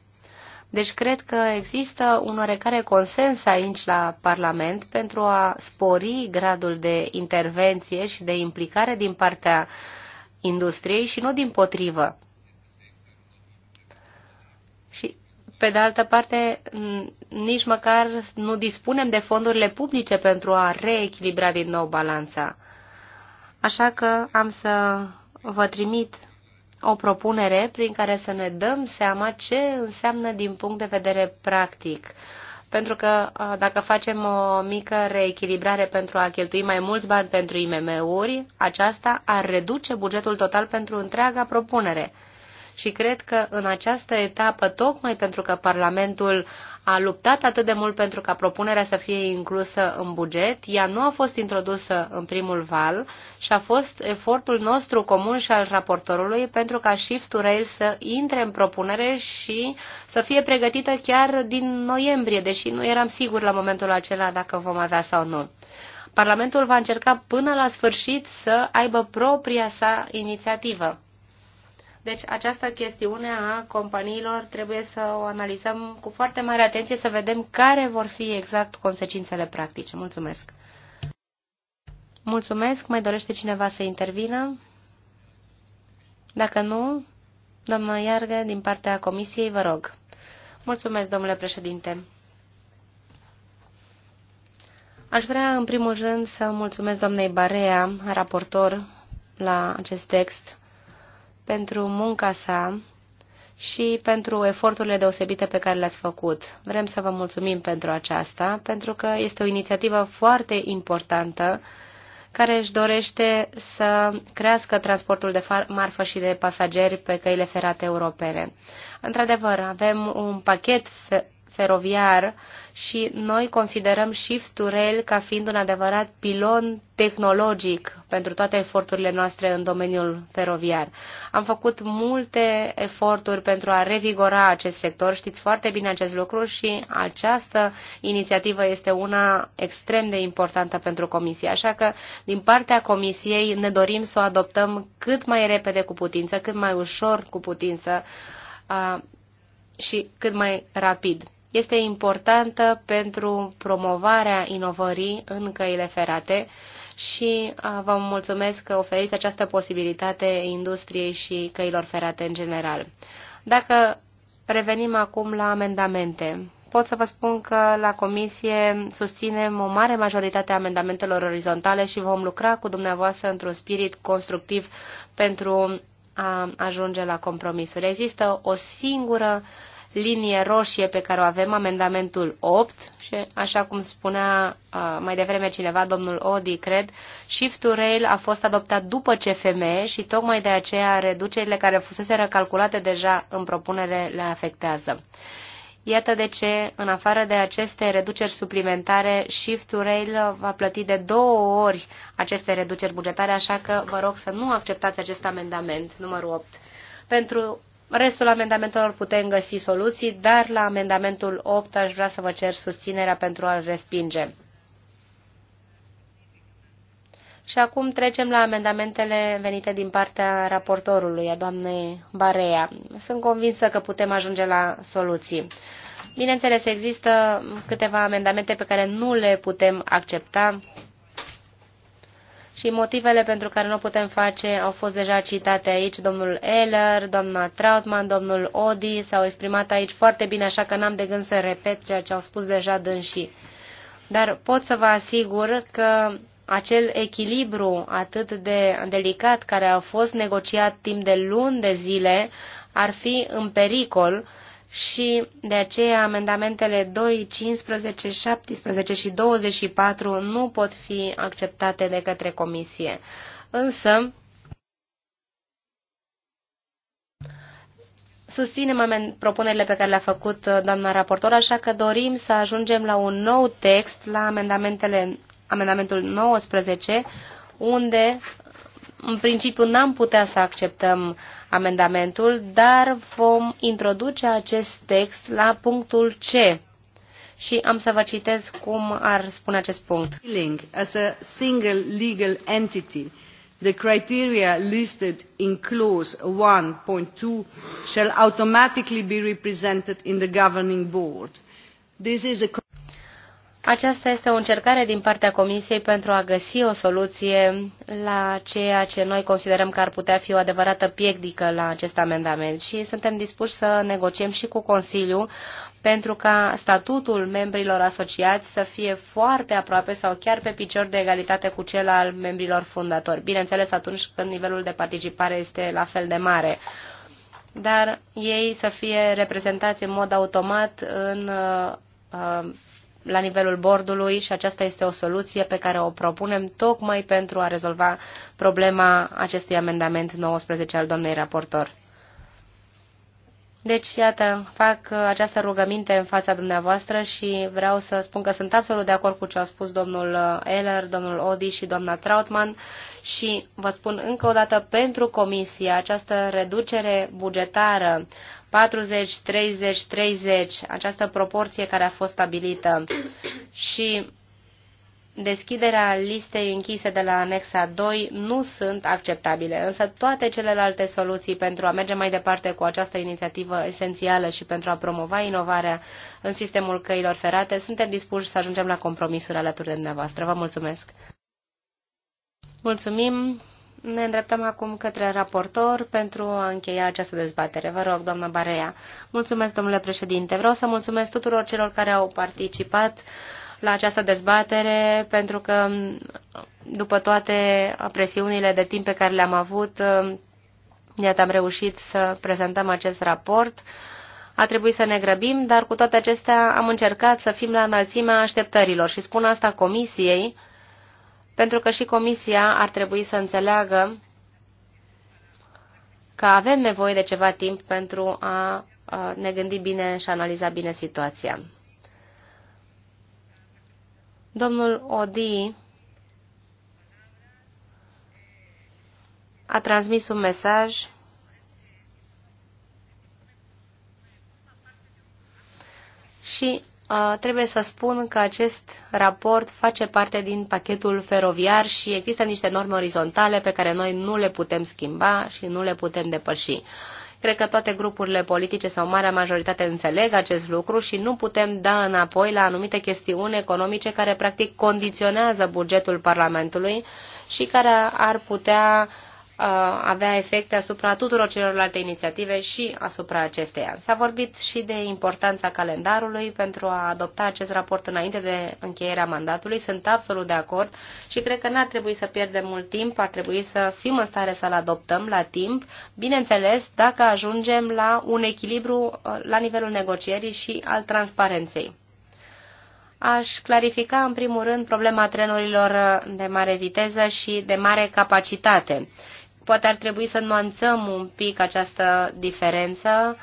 S3: Deci cred că există un oarecare consens aici la Parlament pentru a spori gradul de intervenție și de implicare din partea industriei și nu din potrivă. Și, pe de altă parte, nici măcar nu dispunem de fondurile publice pentru a reechilibra din nou balanța. Așa că am să vă trimit o propunere prin care să ne dăm seama ce înseamnă din punct de vedere practic. Pentru că dacă facem o mică reechilibrare pentru a cheltui mai mulți bani pentru IMM-uri, aceasta ar reduce bugetul total pentru întreaga propunere. Și cred că în această etapă, tocmai pentru că Parlamentul a luptat atât de mult pentru ca propunerea să fie inclusă în buget, ea nu a fost introdusă în primul val și a fost efortul nostru comun și al raportorului pentru ca Shift to Rail să intre în propunere și să fie pregătită chiar din noiembrie, deși nu eram sigur la momentul acela dacă vom avea sau nu. Parlamentul va încerca până la sfârșit să aibă propria sa inițiativă. Deci această chestiune a companiilor trebuie să o analizăm cu foarte mare atenție să vedem care vor fi exact consecințele practice. Mulțumesc! Mulțumesc! Mai dorește cineva să intervină? Dacă nu, doamna Iargă, din partea Comisiei, vă rog. Mulțumesc, domnule președinte! Aș vrea, în primul rând, să mulțumesc doamnei Barea, raportor la acest text, pentru munca sa și pentru eforturile deosebite pe care le-ați făcut. Vrem să vă mulțumim pentru aceasta, pentru că este o inițiativă foarte importantă care își dorește să crească transportul de marfă și de pasageri pe căile ferate europene. Într-adevăr, avem un pachet feroviar și noi considerăm Shift to Rail ca fiind un adevărat pilon tehnologic pentru toate eforturile noastre în domeniul feroviar. Am făcut multe eforturi pentru a revigora acest sector, știți foarte bine acest lucru și această inițiativă este una extrem de importantă pentru Comisie, așa că din partea Comisiei ne dorim să o adoptăm cât mai repede cu putință, cât mai ușor cu putință și cât mai rapid este importantă pentru promovarea inovării în căile ferate și vă mulțumesc că oferiți această posibilitate industriei și căilor ferate în general. Dacă revenim acum la amendamente, pot să vă spun că la comisie susținem o mare majoritate a amendamentelor orizontale și vom lucra cu dumneavoastră într-un spirit constructiv pentru a ajunge la compromisuri. Există o singură linie roșie pe care o avem, amendamentul 8, și așa cum spunea uh, mai devreme cineva, domnul Odi, cred, Shift to Rail a fost adoptat după CFM și tocmai de aceea reducerile care fusese recalculate deja în propunere le afectează. Iată de ce, în afară de aceste reduceri suplimentare, Shift to Rail va plăti de două ori aceste reduceri bugetare, așa că vă rog să nu acceptați acest amendament numărul 8. Pentru restul amendamentelor putem găsi soluții, dar la amendamentul 8 aș vrea să vă cer susținerea pentru a-l respinge. Și acum trecem la amendamentele venite din partea raportorului, a doamnei Barea. Sunt convinsă că putem ajunge la soluții. Bineînțeles, există câteva amendamente pe care nu le putem accepta, și motivele pentru care nu putem face au fost deja citate aici. Domnul Eller, doamna Trautman, domnul Odi s-au exprimat aici foarte bine, așa că n-am de gând să repet ceea ce au spus deja dânsii. Dar pot să vă asigur că acel echilibru atât de delicat care a fost negociat timp de luni de zile ar fi în pericol și de aceea amendamentele 2, 15, 17 și 24 nu pot fi acceptate de către comisie. Însă, susținem propunerile pe care le-a făcut uh, doamna raportor, așa că dorim să ajungem la un nou text, la amendamentele, amendamentul 19, unde în principiu n-am putea să acceptăm amendamentul, dar vom introduce acest text la punctul C. Și am să vă citez cum ar spune acest punct. As a single legal entity, the criteria listed in clause 1.2 shall automatically be represented in the governing board. This is the aceasta este o încercare din partea Comisiei pentru a găsi o soluție la ceea ce noi considerăm că ar putea fi o adevărată piedică la acest amendament și suntem dispuși să negociem și cu Consiliul pentru ca statutul membrilor asociați să fie foarte aproape sau chiar pe picior de egalitate cu cel al membrilor fundatori, bineînțeles atunci când nivelul de participare este la fel de mare dar ei să fie reprezentați în mod automat în uh, la nivelul bordului și aceasta este o soluție pe care o propunem tocmai pentru a rezolva problema acestui amendament 19 al doamnei raportor. Deci, iată, fac această rugăminte în fața dumneavoastră și vreau să spun că sunt absolut de acord cu ce au spus domnul Eller, domnul Odi și doamna Trautmann și vă spun încă o dată pentru comisie această reducere bugetară 40, 30, 30, această proporție care a fost stabilită și deschiderea listei închise de la anexa 2 nu sunt acceptabile, însă toate celelalte soluții pentru a merge mai departe cu această inițiativă esențială și pentru a promova inovarea în sistemul căilor ferate, suntem dispuși să ajungem la compromisuri alături de dumneavoastră. Vă mulțumesc! Mulțumim! Ne îndreptăm acum către raportor pentru a încheia această dezbatere. Vă rog, doamnă Barea. Mulțumesc, domnule președinte. Vreau să mulțumesc tuturor celor care au participat la această dezbatere, pentru că după toate presiunile de timp pe care le-am avut, iată, am reușit să prezentăm acest raport. A trebuit să ne grăbim, dar cu toate acestea am încercat să fim la înălțimea așteptărilor și spun asta comisiei, pentru că și Comisia ar trebui să înțeleagă că avem nevoie de ceva timp pentru a ne gândi bine și a analiza bine situația. Domnul Odi a transmis un mesaj și trebuie să spun că acest raport face parte din pachetul feroviar și există niște norme orizontale pe care noi nu le putem schimba și nu le putem depăși. Cred că toate grupurile politice sau marea majoritate înțeleg acest lucru și nu putem da înapoi la anumite chestiuni economice care practic condiționează bugetul Parlamentului și care ar putea uh, Uh, avea efecte asupra tuturor celorlalte inițiative și asupra acesteia. S-a vorbit și de importanța calendarului pentru a adopta acest raport înainte de încheierea mandatului. Sunt absolut de acord și cred că n-ar trebui să pierdem mult timp, ar trebui să fim în stare să-l adoptăm la timp, bineînțeles dacă ajungem la un echilibru uh, la nivelul negocierii și al transparenței. Aș clarifica în primul rând problema trenurilor de mare viteză și de mare capacitate Poate ar trebui să nuanțăm un pic această diferență,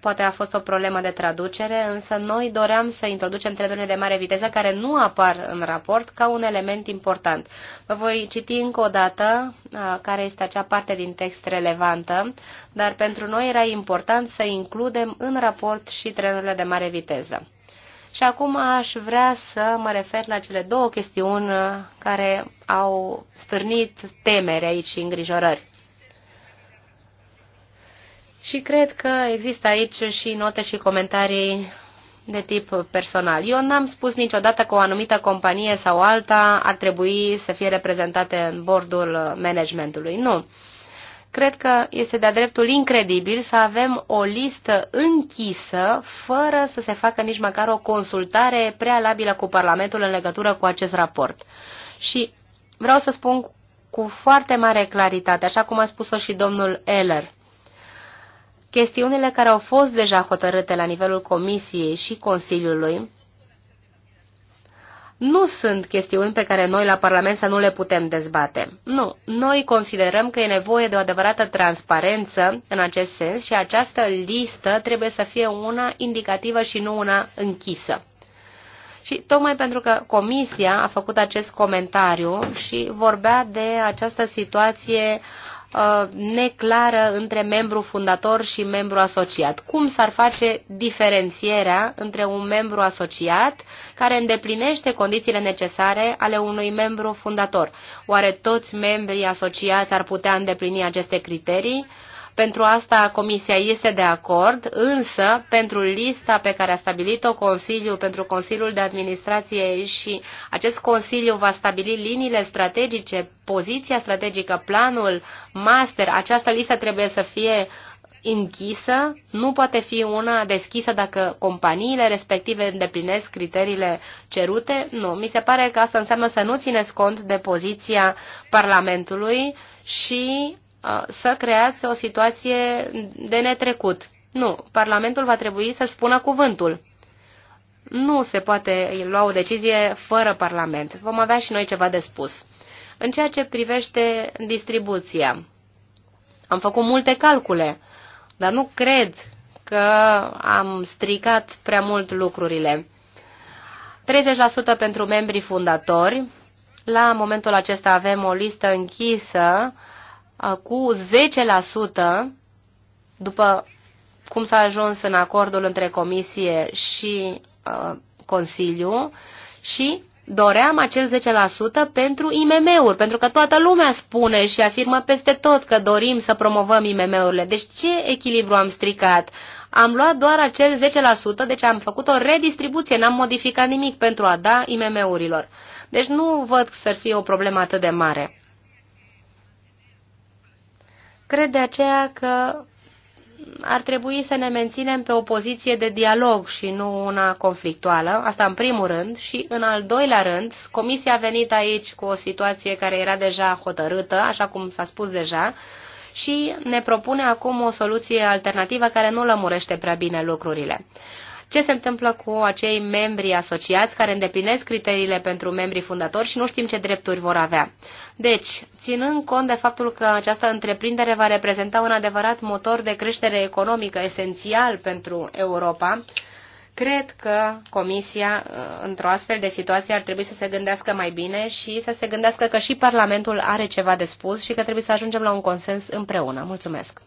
S3: poate a fost o problemă de traducere, însă noi doream să introducem trenurile de mare viteză care nu apar în raport ca un element important. Vă voi citi încă o dată care este acea parte din text relevantă, dar pentru noi era important să includem în raport și trenurile de mare viteză. Și acum aș vrea să mă refer la cele două chestiuni care au stârnit temere aici și îngrijorări. Și cred că există aici și note și comentarii de tip personal. Eu n-am spus niciodată că o anumită companie sau alta ar trebui să fie reprezentate în bordul managementului. Nu. Cred că este de-a dreptul incredibil să avem o listă închisă fără să se facă nici măcar o consultare prealabilă cu Parlamentul în legătură cu acest raport. Și vreau să spun cu foarte mare claritate, așa cum a spus-o și domnul Eller, chestiunile care au fost deja hotărâte la nivelul Comisiei și Consiliului nu sunt chestiuni pe care noi la Parlament să nu le putem dezbate. Nu, noi considerăm că e nevoie de o adevărată transparență în acest sens și această listă trebuie să fie una indicativă și nu una închisă. Și tocmai pentru că Comisia a făcut acest comentariu și vorbea de această situație Uh, neclară între membru fundator și membru asociat. Cum s-ar face diferențierea între un membru asociat care îndeplinește condițiile necesare ale unui membru fundator? Oare toți membrii asociați ar putea îndeplini aceste criterii? Pentru asta Comisia este de acord, însă pentru lista pe care a stabilit-o Consiliul pentru Consiliul de Administrație și acest Consiliu va stabili liniile strategice, poziția strategică, planul, master, această listă trebuie să fie închisă, nu poate fi una deschisă dacă companiile respective îndeplinesc criteriile cerute. Nu, mi se pare că asta înseamnă să nu țineți cont de poziția Parlamentului și să creați o situație de netrecut. Nu, Parlamentul va trebui să-și spună cuvântul. Nu se poate lua o decizie fără Parlament. Vom avea și noi ceva de spus. În ceea ce privește distribuția, am făcut multe calcule, dar nu cred că am stricat prea mult lucrurile. 30% pentru membrii fundatori. La momentul acesta avem o listă închisă Uh, cu 10% după cum s-a ajuns în acordul între Comisie și uh, Consiliu și doream acel 10% pentru IMM-uri, pentru că toată lumea spune și afirmă peste tot că dorim să promovăm IMM-urile. Deci ce echilibru am stricat? Am luat doar acel 10%, deci am făcut o redistribuție, n-am modificat nimic pentru a da IMM-urilor. Deci nu văd să fie o problemă atât de mare. Cred de aceea că ar trebui să ne menținem pe o poziție de dialog și nu una conflictuală, asta în primul rând, și în al doilea rând, Comisia a venit aici cu o situație care era deja hotărâtă, așa cum s-a spus deja, și ne propune acum o soluție alternativă care nu lămurește prea bine lucrurile ce se întâmplă cu acei membri asociați care îndeplinesc criteriile pentru membrii fundatori și nu știm ce drepturi vor avea. Deci, ținând cont de faptul că această întreprindere va reprezenta un adevărat motor de creștere economică esențial pentru Europa, Cred că Comisia, într-o astfel de situație, ar trebui să se gândească mai bine și să se gândească că și Parlamentul are ceva de spus și că trebuie să ajungem la un consens împreună. Mulțumesc!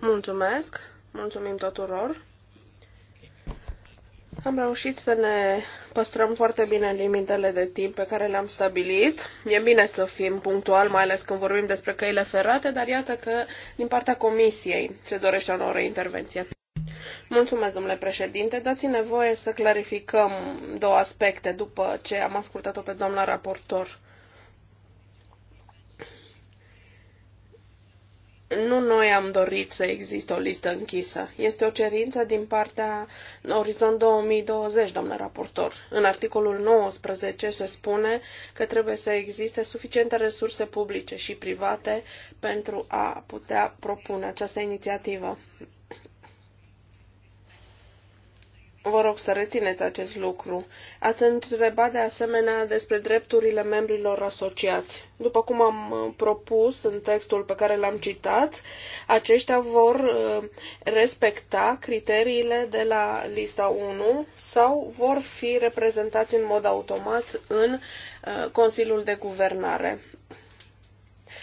S4: Mulțumesc. Mulțumim tuturor. Am reușit să ne păstrăm foarte bine limitele de timp pe care le-am stabilit. E bine să fim punctual, mai ales când vorbim despre căile ferate, dar iată că din partea comisiei se dorește o nouă intervenție. Mulțumesc, domnule președinte. Dați-ne voie să clarificăm două aspecte după ce am ascultat-o pe doamna raportor. nu noi am dorit să existe o listă închisă. Este o cerință din partea Orizont 2020, domnule raportor. În articolul 19 se spune că trebuie să existe suficiente resurse publice și private pentru a putea propune această inițiativă. Vă rog să rețineți acest lucru. Ați întrebat de asemenea despre drepturile membrilor asociați. După cum am uh, propus în textul pe care l-am citat, aceștia vor uh, respecta criteriile de la lista 1 sau vor fi reprezentați în mod automat în uh, Consiliul de Guvernare.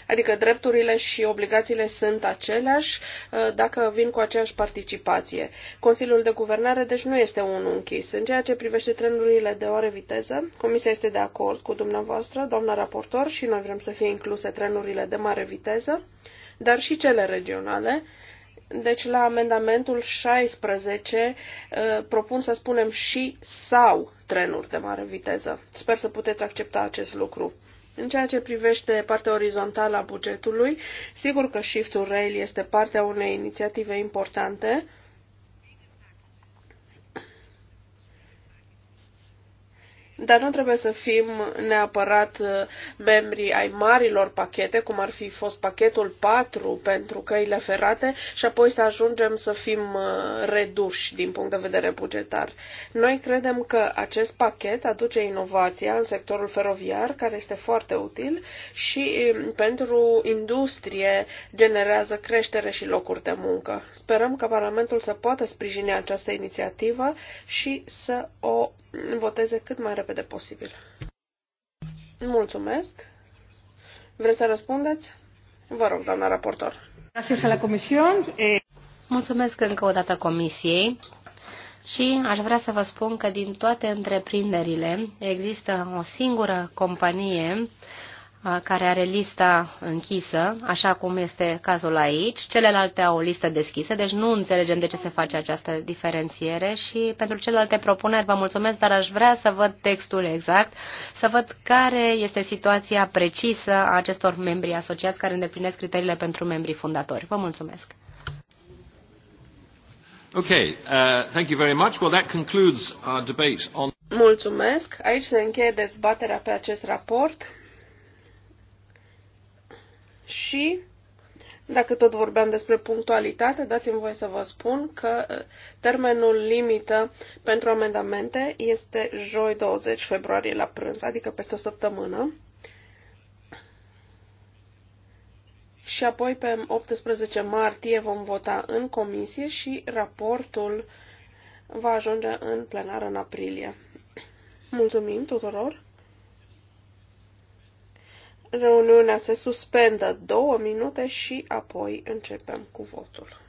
S4: Adică drepturile și obligațiile sunt aceleași uh, dacă vin cu aceeași participație. Consiliul de Guvernare deci nu este unul închis. În ceea ce privește trenurile de oare viteză, Comisia este de acord cu dumneavoastră, doamna raportor, și noi vrem să fie incluse trenurile de mare viteză, dar și cele regionale, deci la amendamentul 16 uh, propun să spunem și sau trenuri de mare viteză. Sper să puteți accepta acest lucru. În ceea ce privește partea orizontală a bugetului, sigur că Shift-ul Rail este partea unei inițiative importante dar nu trebuie să fim neapărat uh, membri ai marilor pachete, cum ar fi fost pachetul 4 pentru căile ferate, și apoi să ajungem să fim uh, reduși din punct de vedere bugetar. Noi credem că acest pachet aduce inovația în sectorul feroviar, care este foarte util și um, pentru industrie generează creștere și locuri de muncă. Sperăm că Parlamentul să poată sprijini această inițiativă și să o voteze cât mai repede posibil. Mulțumesc. Vreți să răspundeți? Vă rog, doamna raportor.
S3: Eh, Mulțumesc încă o dată Comisiei și aș vrea să vă spun că din toate întreprinderile există o singură companie care are lista închisă, așa cum este cazul aici. Celelalte au o listă deschisă, deci nu înțelegem de ce se face această diferențiere și pentru celelalte propuneri vă mulțumesc, dar aș vrea să văd textul exact, să văd care este situația precisă a acestor membri asociați care îndeplinesc criteriile pentru membrii fundatori. Vă mulțumesc.
S1: Okay, uh, thank you very much. Well, that concludes our debate on
S4: Mulțumesc. Aici se încheie dezbaterea pe acest raport. Și, dacă tot vorbeam despre punctualitate, dați-mi voie să vă spun că uh, termenul limită pentru amendamente este joi 20 februarie la prânz, adică peste o săptămână. și apoi pe 18 martie vom vota în comisie și raportul va ajunge în plenar în aprilie. Mulțumim tuturor! Reuniunea se suspendă două minute și apoi începem cu votul.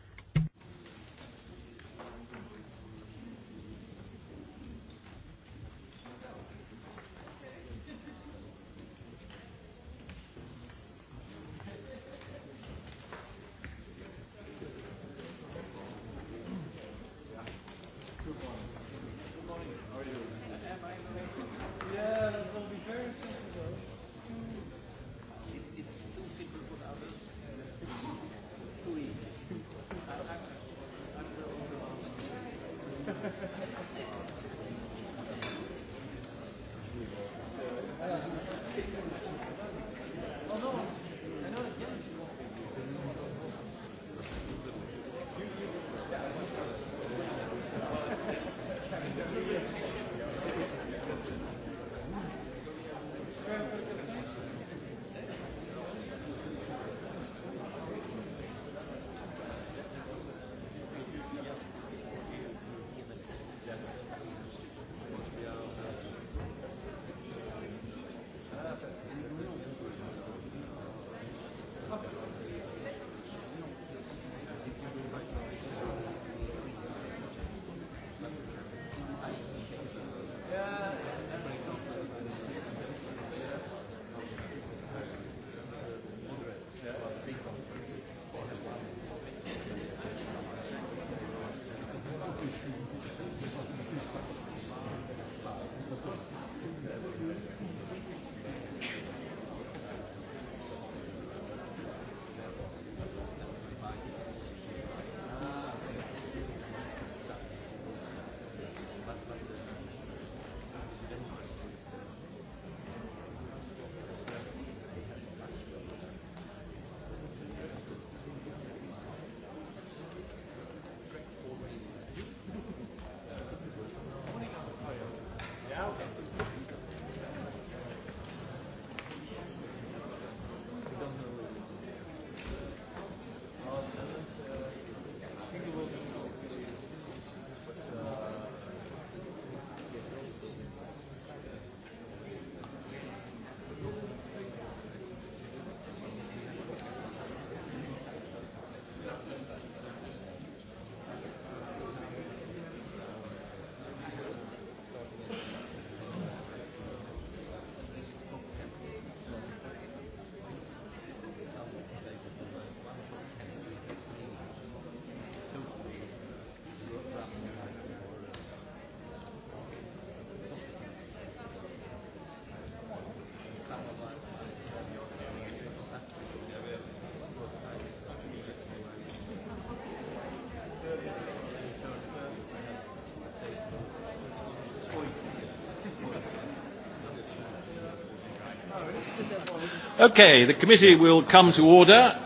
S1: Okay, the committee will come to order.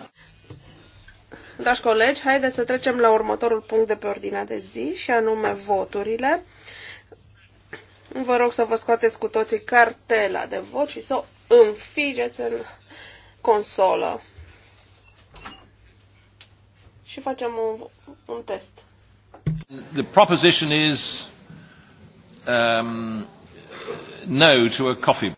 S4: Dragi colegi, haideți să trecem la următorul punct de pe ordinea de zi și anume voturile. Vă rog să vă scoateți cu toții cartela de vot și să o înfigeți în consolă. Și facem un, un test.
S1: The proposition is um, no to a coffee.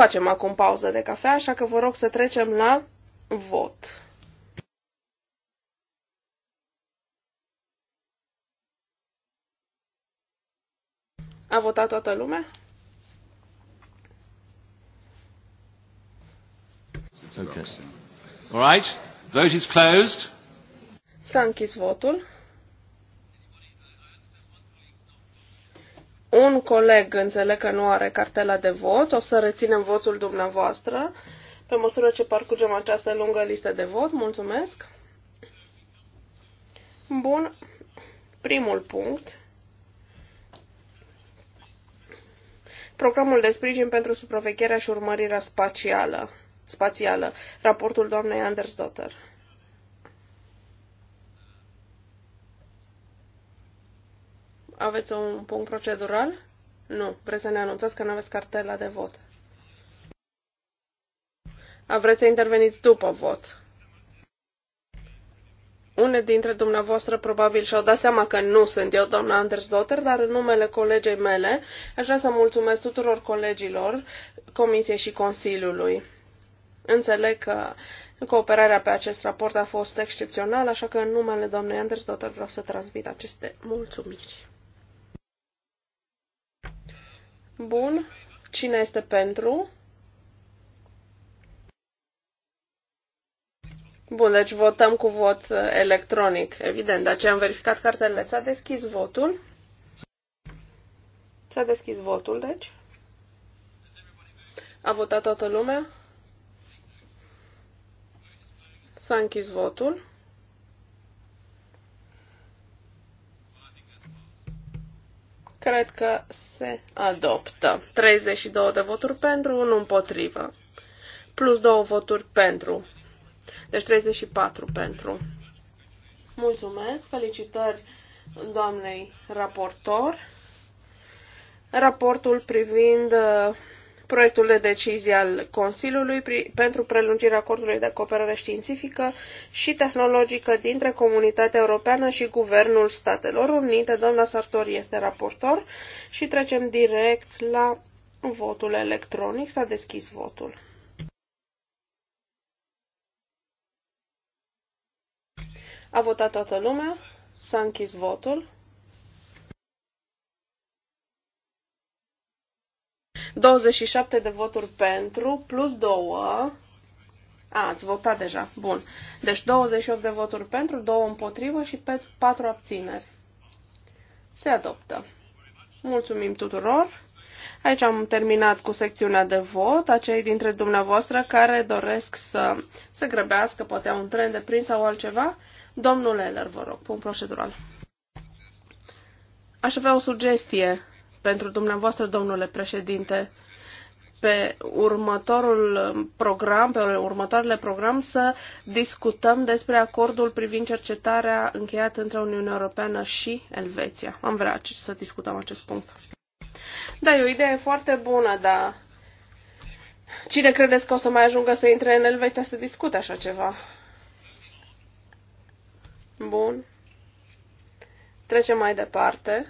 S4: facem acum pauză de cafea, așa că vă rog să trecem la vot. A votat toată lumea?
S1: Okay. All right. Vote is closed.
S4: S-a închis votul. Un coleg înțeleg că nu are cartela de vot, o să reținem votul dumneavoastră pe măsură ce parcurgem această lungă listă de vot. Mulțumesc! Bun, primul punct. Programul de sprijin pentru supravegherea și urmărirea spațială. spațială. Raportul doamnei Anders Dotter. Aveți un punct procedural? Nu. Vreți să ne anunțați că nu aveți cartela de vot. A vreți să interveniți după vot. Une dintre dumneavoastră probabil și-au dat seama că nu sunt eu, doamna Anders Dotter, dar în numele colegei mele aș vrea să mulțumesc tuturor colegilor, Comisiei și Consiliului. Înțeleg că cooperarea pe acest raport a fost excepțională, așa că în numele doamnei Anders Dotter vreau să transmit aceste mulțumiri. Bun. Cine este pentru? Bun, deci votăm cu vot uh, electronic, evident. De aceea am verificat cartelele. S-a deschis votul. S-a deschis votul, deci. A votat toată lumea. S-a închis votul. Cred că se adoptă. 32 de voturi pentru, 1 împotrivă. Plus 2 voturi pentru. Deci 34 pentru. Mulțumesc, felicitări doamnei raportor. Raportul privind uh, proiectul de decizie al Consiliului pentru prelungirea acordului de cooperare științifică și tehnologică dintre Comunitatea Europeană și Guvernul Statelor Unite. Doamna Sartori este raportor și trecem direct la votul electronic. S-a deschis votul. A votat toată lumea, s-a închis votul. 27 de voturi pentru, plus 2. A, ați votat deja. Bun. Deci 28 de voturi pentru, 2 împotrivă și 4 abțineri. Se adoptă. Mulțumim tuturor! Aici am terminat cu secțiunea de vot. Acei dintre dumneavoastră care doresc să se grăbească, poate au un tren de prins sau altceva, domnul Eller, vă rog, pun procedural. Aș avea o sugestie pentru dumneavoastră, domnule președinte, pe următorul program, pe următoarele program să discutăm despre acordul privind cercetarea încheiat între Uniunea Europeană și Elveția. Am vrea să discutăm acest punct. Da, e o idee foarte bună, dar cine credeți că o să mai ajungă să intre în Elveția să discute așa ceva? Bun. Trecem mai departe.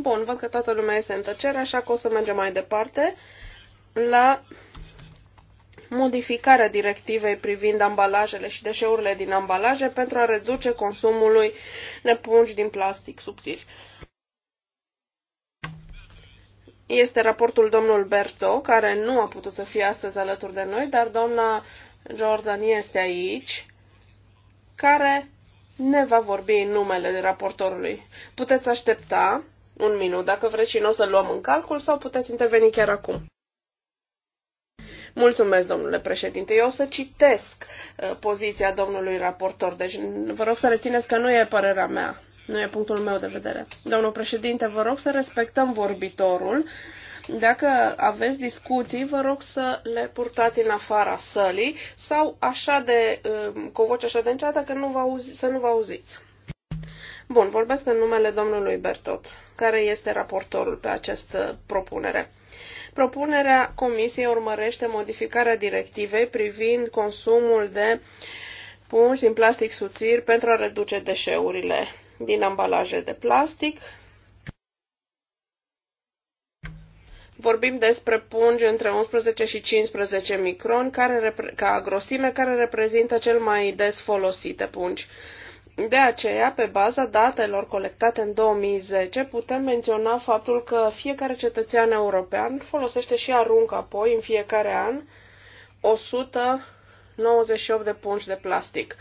S4: Bun, văd că toată lumea este în tăcere, așa că o să mergem mai departe la modificarea directivei privind ambalajele și deșeurile din ambalaje pentru a reduce consumului de pungi din plastic subțiri. Este raportul domnul Berto, care nu a putut să fie astăzi alături de noi, dar doamna Jordan este aici, care ne va vorbi în numele raportorului. Puteți aștepta un minut. Dacă vreți și noi să luăm în calcul sau puteți interveni chiar acum. Mulțumesc, domnule președinte. Eu o să citesc uh, poziția domnului raportor, deci vă rog să rețineți că nu e părerea mea, nu e punctul meu de vedere. Domnul președinte, vă rog să respectăm vorbitorul. Dacă aveți discuții, vă rog să le purtați în afara sălii sau așa de, uh, cu o voce așa de înceată că nu vă auzi, să nu vă auziți. Bun, vorbesc în numele domnului Bertot, care este raportorul pe această propunere. Propunerea Comisiei urmărește modificarea directivei privind consumul de pungi din plastic subțiri pentru a reduce deșeurile din ambalaje de plastic. Vorbim despre pungi între 11 și 15 micron care, ca grosime care reprezintă cel mai des folosite pungi. De aceea, pe baza datelor colectate în 2010, putem menționa faptul că fiecare cetățean european folosește și aruncă apoi în fiecare an 198 de pungi de plastic.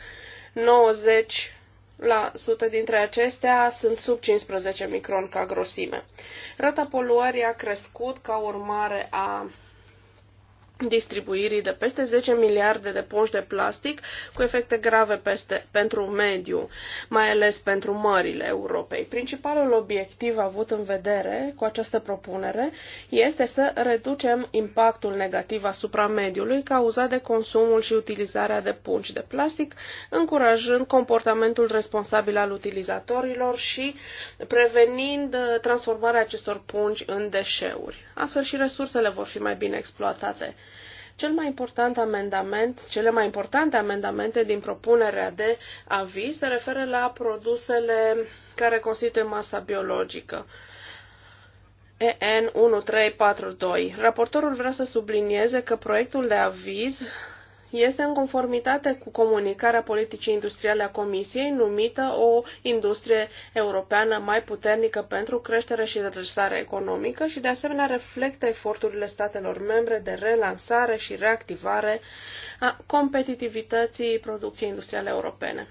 S4: 90 la sută dintre acestea sunt sub 15 micron ca grosime. Rata poluării a crescut ca urmare a distribuirii de peste 10 miliarde de pungi de plastic cu efecte grave peste, pentru mediu, mai ales pentru mările Europei. Principalul obiectiv avut în vedere cu această propunere este să reducem impactul negativ asupra mediului cauzat de consumul și utilizarea de pungi de plastic, încurajând comportamentul responsabil al utilizatorilor și prevenind uh, transformarea acestor pungi în deșeuri. Astfel și resursele vor fi mai bine exploatate. Cel mai important amendament, cele mai importante amendamente din propunerea de aviz se referă la produsele care constituie masa biologică. EN 1342. Raportorul vrea să sublinieze că proiectul de aviz este în conformitate cu comunicarea politicii industriale a Comisiei, numită o industrie europeană mai puternică pentru creștere și redresare economică și de asemenea reflectă eforturile statelor membre de relansare și reactivare a competitivității producției industriale europene.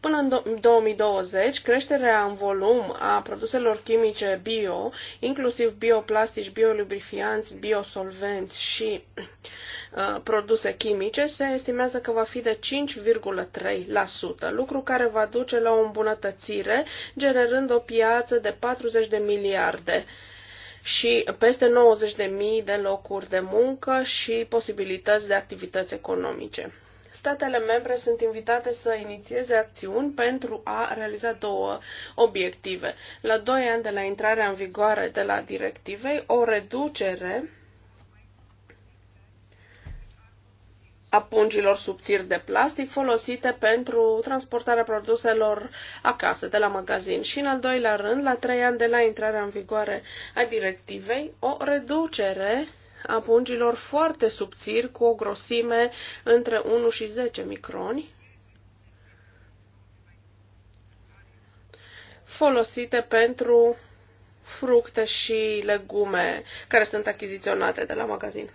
S4: Până în 2020, creșterea în volum a produselor chimice bio, inclusiv bioplastici, biolubrifianți, biosolvenți și <clears throat> uh, produse chimice, se estimează că va fi de 5,3%, lucru care va duce la o îmbunătățire, generând o piață de 40 de miliarde și peste 90.000 de locuri de muncă și posibilități de activități economice statele membre sunt invitate să inițieze acțiuni pentru a realiza două obiective. La doi ani de la intrarea în vigoare de la directivei, o reducere a pungilor subțiri de plastic folosite pentru transportarea produselor acasă, de la magazin. Și în al doilea rând, la trei ani de la intrarea în vigoare a directivei, o reducere a pungilor foarte subțiri cu o grosime între 1 și 10 microni, folosite pentru fructe și legume care sunt achiziționate de la magazin.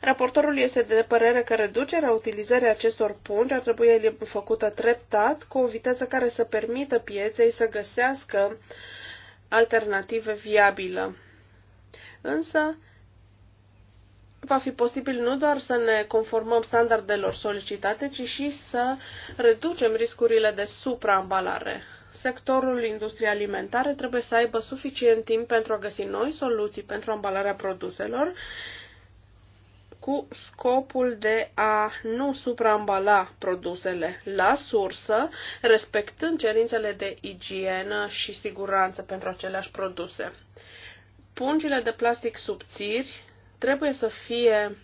S4: Raportorul este de părere că reducerea utilizării acestor pungi ar trebui făcută treptat, cu o viteză care să permită pieței să găsească alternative viabilă însă va fi posibil nu doar să ne conformăm standardelor solicitate, ci și să reducem riscurile de supraambalare. Sectorul industriei alimentare trebuie să aibă suficient timp pentru a găsi noi soluții pentru ambalarea produselor cu scopul de a nu supraambala produsele la sursă, respectând cerințele de igienă și siguranță pentru aceleași produse. Pungile de plastic subțiri trebuie să fie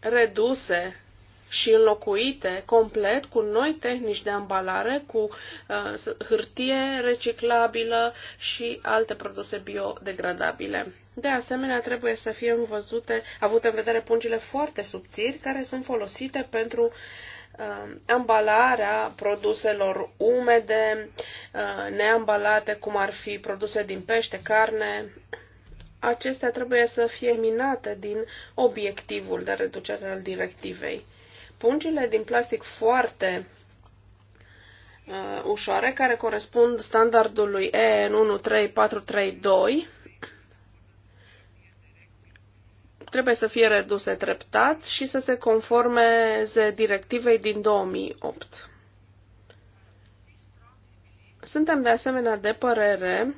S4: reduse și înlocuite complet cu noi tehnici de ambalare, cu uh, hârtie reciclabilă și alte produse biodegradabile. De asemenea, trebuie să fie învăzute, avute în vedere pungile foarte subțiri, care sunt folosite pentru Uh, ambalarea produselor umede, uh, neambalate, cum ar fi produse din pește, carne, acestea trebuie să fie minate din obiectivul de reducere al directivei. Pungile din plastic foarte uh, ușoare, care corespund standardului EN 13432, trebuie să fie reduse treptat și să se conformeze directivei din 2008. Suntem de asemenea de părere,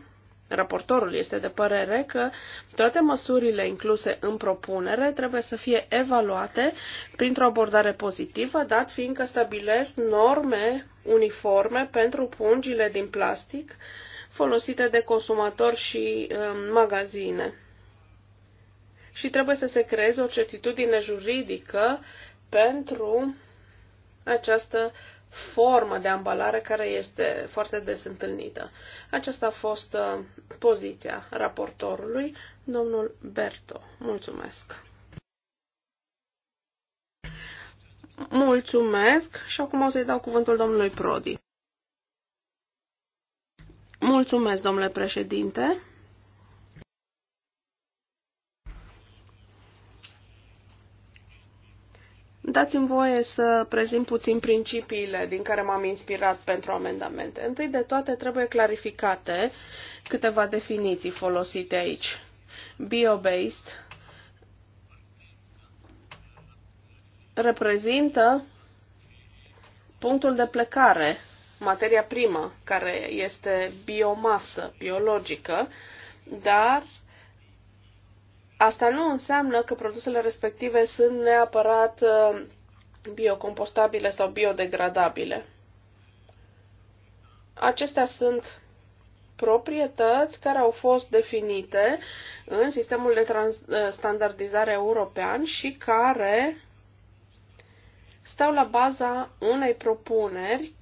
S4: raportorul este de părere că toate măsurile incluse în propunere trebuie să fie evaluate printr-o abordare pozitivă, dat fiindcă stabilesc norme uniforme pentru pungile din plastic folosite de consumatori și um, magazine și trebuie să se creeze o certitudine juridică pentru această formă de ambalare care este foarte des întâlnită. Aceasta a fost uh, poziția raportorului, domnul Berto. Mulțumesc! Mulțumesc și acum o să-i dau cuvântul domnului Prodi. Mulțumesc, domnule președinte. Dați-mi voie să prezint puțin principiile din care m-am inspirat pentru amendamente. Întâi de toate trebuie clarificate câteva definiții folosite aici. Bio-based reprezintă punctul de plecare, materia primă, care este biomasă biologică, dar Asta nu înseamnă că produsele respective sunt neapărat uh, biocompostabile sau biodegradabile. Acestea sunt proprietăți care au fost definite în sistemul de uh, standardizare european și care stau la baza unei propuneri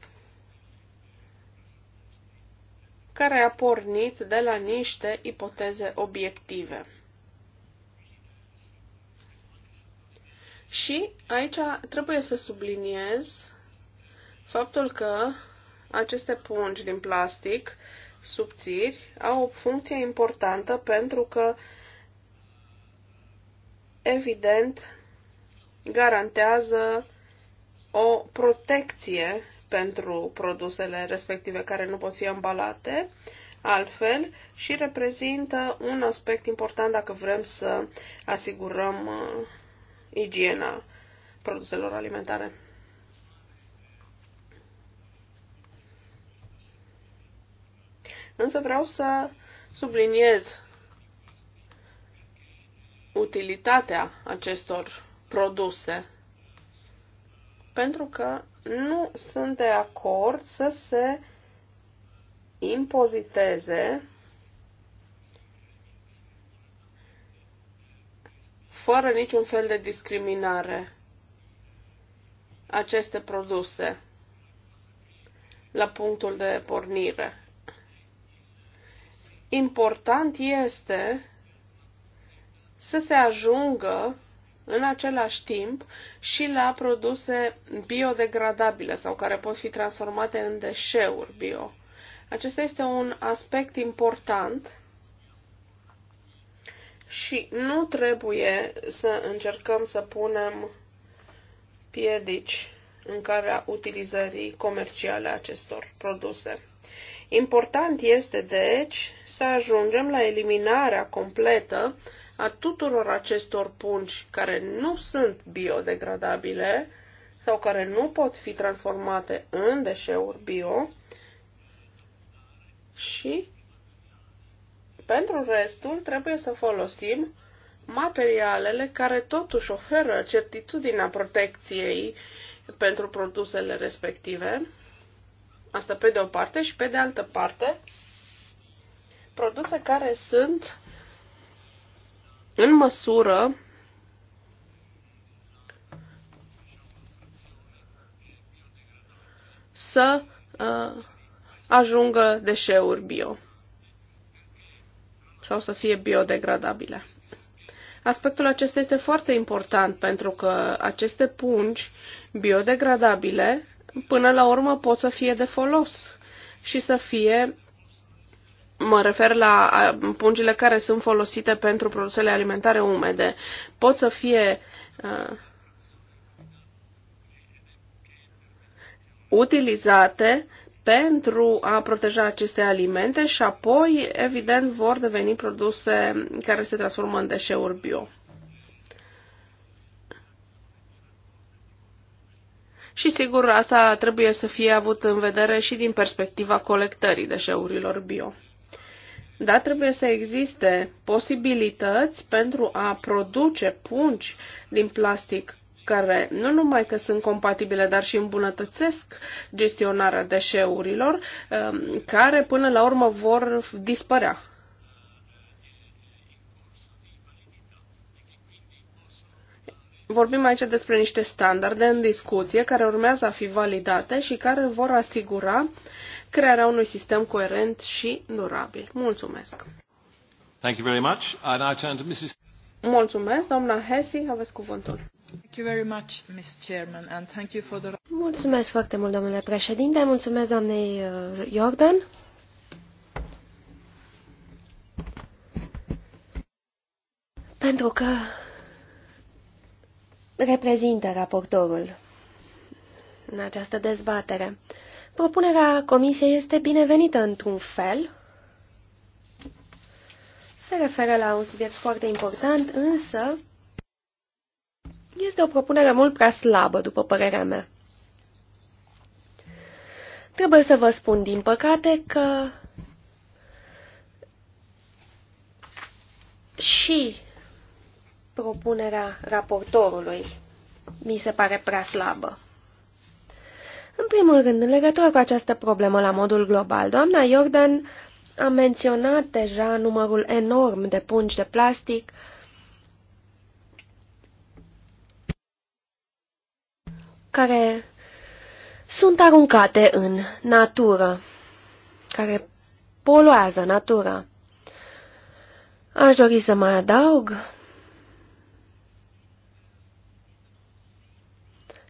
S4: care a pornit de la niște ipoteze obiective. Și aici trebuie să subliniez faptul că aceste pungi din plastic subțiri au o funcție importantă pentru că, evident, garantează o protecție pentru produsele respective care nu pot fi ambalate altfel și reprezintă un aspect important dacă vrem să asigurăm uh, igiena produselor alimentare. Însă vreau să subliniez utilitatea acestor produse. Pentru că nu sunt de acord să se impoziteze fără niciun fel de discriminare aceste produse la punctul de pornire. Important este să se ajungă în același timp și la produse biodegradabile sau care pot fi transformate în deșeuri bio. Acesta este un aspect important și nu trebuie să încercăm să punem piedici în calea utilizării comerciale a acestor produse. Important este, deci, să ajungem la eliminarea completă a tuturor acestor pungi care nu sunt biodegradabile sau care nu pot fi transformate în deșeuri bio și pentru restul, trebuie să folosim materialele care totuși oferă certitudinea protecției pentru produsele respective. Asta pe de o parte și pe de altă parte, produse care sunt în măsură să uh, ajungă deșeuri bio sau să fie biodegradabile. Aspectul acesta este foarte important pentru că aceste pungi biodegradabile până la urmă pot să fie de folos și să fie mă refer la pungile care sunt folosite pentru produsele alimentare umede, pot să fie uh, utilizate pentru a proteja aceste alimente și apoi, evident, vor deveni produse care se transformă în deșeuri bio. Și sigur, asta trebuie să fie avut în vedere și din perspectiva colectării deșeurilor bio. Da, trebuie să existe posibilități pentru a produce pungi din plastic care nu numai că sunt compatibile, dar și îmbunătățesc gestionarea deșeurilor, um, care până la urmă vor dispărea. Vorbim aici despre niște standarde în discuție care urmează a fi validate și care vor asigura crearea unui sistem coerent și durabil. Mulțumesc!
S1: Thank you very much. I now turn to Mrs.
S4: Mulțumesc, doamna Hesi, aveți cuvântul. Mulțumesc foarte
S2: mult, domnule președinte. Mulțumesc, doamnei uh, Jordan. Pentru că reprezintă raportorul în această dezbatere. Propunerea comisiei este binevenită într-un fel. Se referă la un subiect foarte important, însă este o propunere mult prea slabă, după părerea mea. Trebuie să vă spun, din păcate, că și propunerea raportorului mi se pare prea slabă. În primul rând, în legătură cu această problemă la modul global, doamna Jordan a menționat deja numărul enorm de pungi de plastic care sunt aruncate în natură, care poluează natura. Aș dori să mai adaug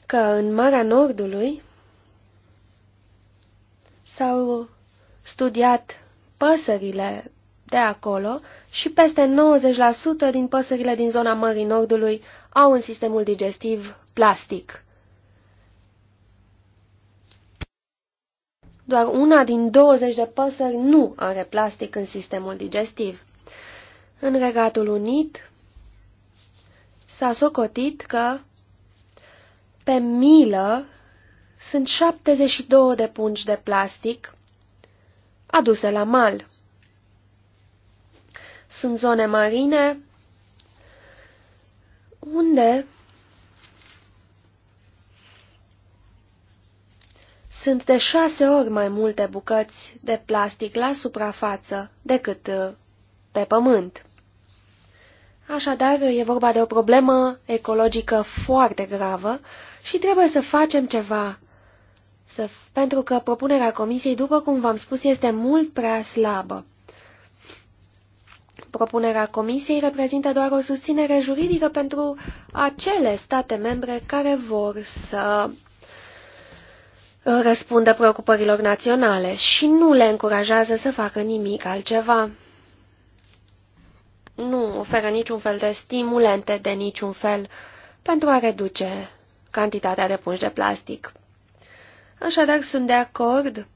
S2: că în Marea Nordului s-au studiat păsările de acolo și peste 90% din păsările din zona Mării Nordului au un sistemul digestiv plastic. Doar una din 20 de păsări nu are plastic în sistemul digestiv. În Regatul Unit s-a socotit că pe milă sunt 72 de pungi de plastic aduse la mal. Sunt zone marine unde Sunt de șase ori mai multe bucăți de plastic la suprafață decât uh, pe pământ. Așadar, e vorba de o problemă ecologică foarte gravă și trebuie să facem ceva. Să, pentru că propunerea comisiei, după cum v-am spus, este mult prea slabă. Propunerea comisiei reprezintă doar o susținere juridică pentru acele state membre care vor să răspundă preocupărilor naționale și nu le încurajează să facă nimic altceva. Nu oferă niciun fel de stimulente de niciun fel pentru a reduce cantitatea de pungi de plastic. Așadar, sunt de acord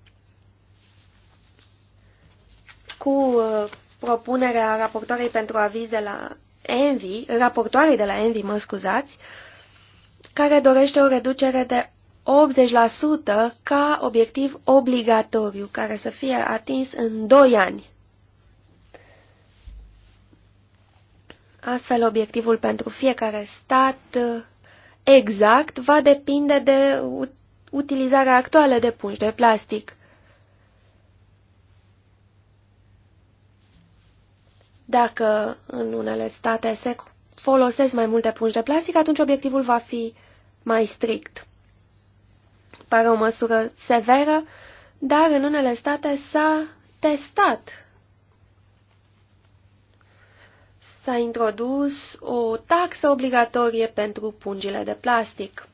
S2: cu uh, propunerea raportoarei pentru aviz de la Envi, raportoarei de la Envi, mă scuzați, care dorește o reducere de 80% ca obiectiv obligatoriu, care să fie atins în 2 ani. Astfel, obiectivul pentru fiecare stat eh, exact va depinde de utilizarea actuală de pungi de plastic. Dacă în unele state se folosesc mai multe pungi de plastic, atunci obiectivul va fi mai strict pare o măsură severă, dar în unele state s-a testat. S-a introdus o taxă obligatorie pentru pungile de plastic.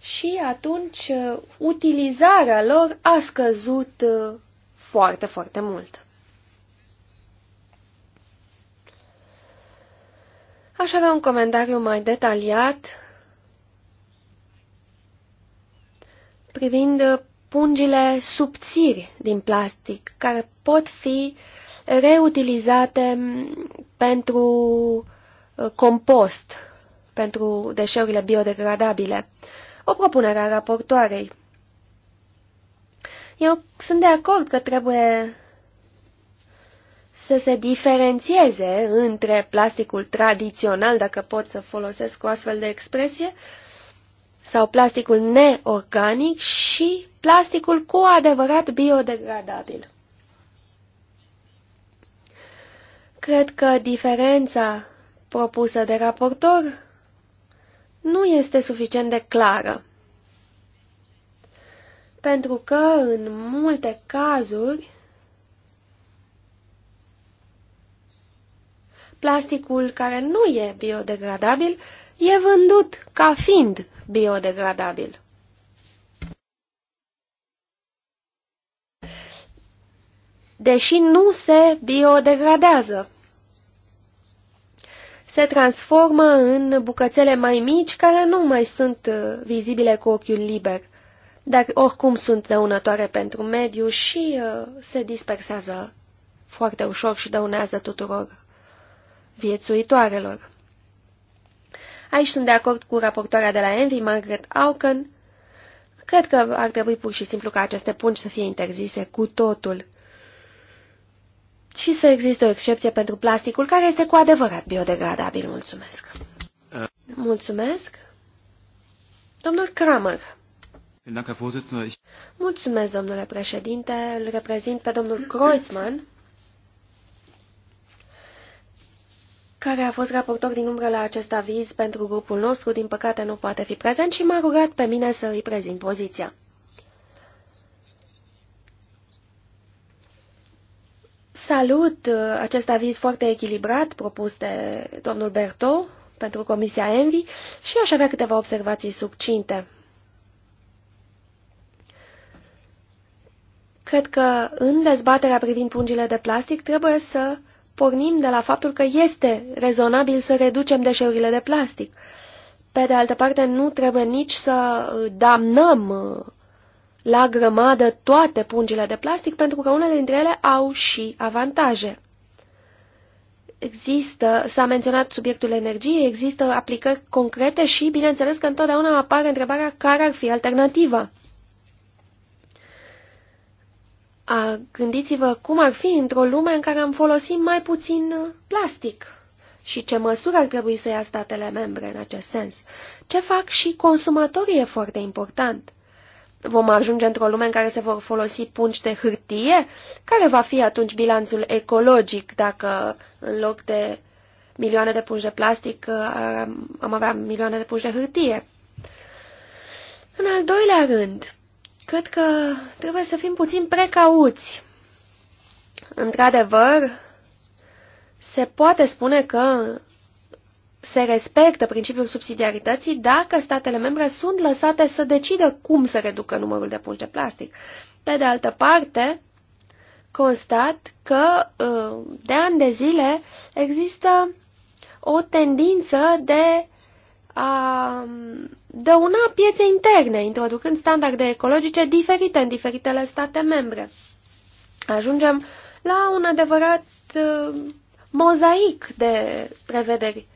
S2: Și atunci uh, utilizarea lor a scăzut uh, foarte, foarte mult. Aș avea un comentariu mai detaliat privind uh, pungile subțiri din plastic, care pot fi reutilizate pentru uh, compost, pentru deșeurile biodegradabile. O propunere a raportoarei. Eu sunt de acord că trebuie să se diferențieze între plasticul tradițional, dacă pot să folosesc o astfel de expresie, sau plasticul neorganic și plasticul cu adevărat biodegradabil. Cred că diferența propusă de raportor nu este suficient de clară, pentru că în multe cazuri plasticul care nu e biodegradabil e vândut ca fiind biodegradabil. Deși nu se biodegradează, se transformă în bucățele mai mici care nu mai sunt uh, vizibile cu ochiul liber, dar oricum sunt dăunătoare pentru mediu și uh, se dispersează foarte ușor și dăunează tuturor viețuitoarelor. Aici sunt de acord cu raportoarea de la Envy, Margaret Auken. Cred că ar trebui pur și simplu ca aceste pungi să fie interzise cu totul și să existe o excepție pentru plasticul care este cu adevărat biodegradabil. Mulțumesc! Mulțumesc! Domnul Kramer. Mulțumesc, domnule președinte. Îl reprezint pe domnul Kreuzmann care a fost raportor din umbră la acest aviz pentru grupul nostru, din păcate nu poate fi prezent și m-a rugat pe mine să îi prezint poziția. Salut uh, acest aviz foarte echilibrat propus de domnul Berto pentru Comisia Envi și aș avea câteva observații subcinte. Cred că în dezbaterea privind pungile de plastic trebuie să uh, pornim de la faptul că este rezonabil să reducem deșeurile de plastic. Pe de altă parte, nu trebuie nici să uh, damnăm uh, la grămadă toate pungile de plastic, pentru că unele dintre ele au și avantaje. Există, s-a menționat subiectul energiei, există aplicări concrete și, bineînțeles, că întotdeauna apare întrebarea care ar fi alternativa. A, gândiți-vă cum ar fi într-o lume în care am folosit mai puțin uh, plastic și ce măsuri ar trebui să ia statele membre în acest sens. Ce fac și consumatorii e foarte important. Vom ajunge într-o lume în care se vor folosi pungi de hârtie? Care va fi atunci bilanțul ecologic dacă în loc de milioane de pungi de plastic uh, am avea milioane de pungi de hârtie? În al doilea rând, Cred că trebuie să fim puțin precauți. Într-adevăr, se poate spune că se respectă principiul subsidiarității dacă statele membre sunt lăsate să decidă cum să reducă numărul de pungi de plastic. Pe de altă parte, constat că uh, de ani de zile există o tendință de a dăuna piețe interne, introducând standarde ecologice diferite în diferitele state membre. Ajungem la un adevărat uh, mozaic de prevederi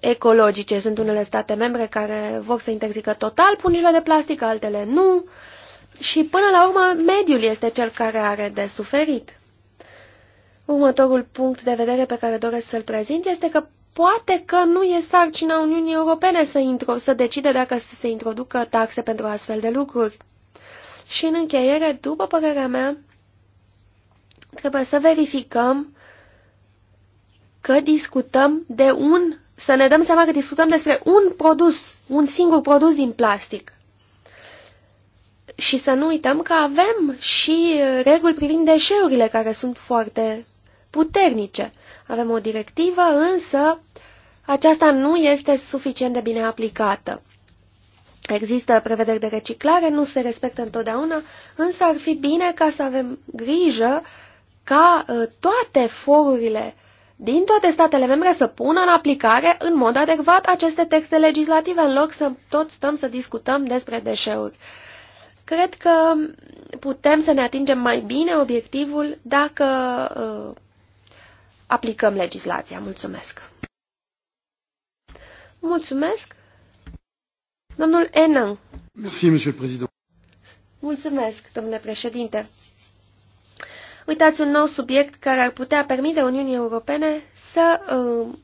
S2: ecologice. Sunt unele state membre care vor să interzică total pungile de plastic, altele nu. Și până la urmă, mediul este cel care are de suferit. Următorul punct de vedere pe care doresc să-l prezint este că Poate că nu e sarcina Uniunii Europene să, intro, să decide dacă să se introducă taxe pentru astfel de lucruri. Și în încheiere, după părerea mea, trebuie să verificăm că discutăm de un, să ne dăm seama că discutăm despre un produs, un singur produs din plastic. Și să nu uităm că avem și uh, reguli privind deșeurile care sunt foarte puternice. Avem o directivă, însă aceasta nu este suficient de bine aplicată. Există prevederi de reciclare, nu se respectă întotdeauna, însă ar fi bine ca să avem grijă ca ă, toate forurile din toate statele membre să pună în aplicare în mod adecvat aceste texte legislative, în loc să tot stăm să discutăm despre deșeuri. Cred că putem să ne atingem mai bine obiectivul dacă ă, aplicăm legislația. Mulțumesc! Mulțumesc! Domnul Enan.
S1: Merci, monsieur le président.
S2: Mulțumesc, domnule președinte. Uitați un nou subiect care ar putea permite Uniunii Europene să uh,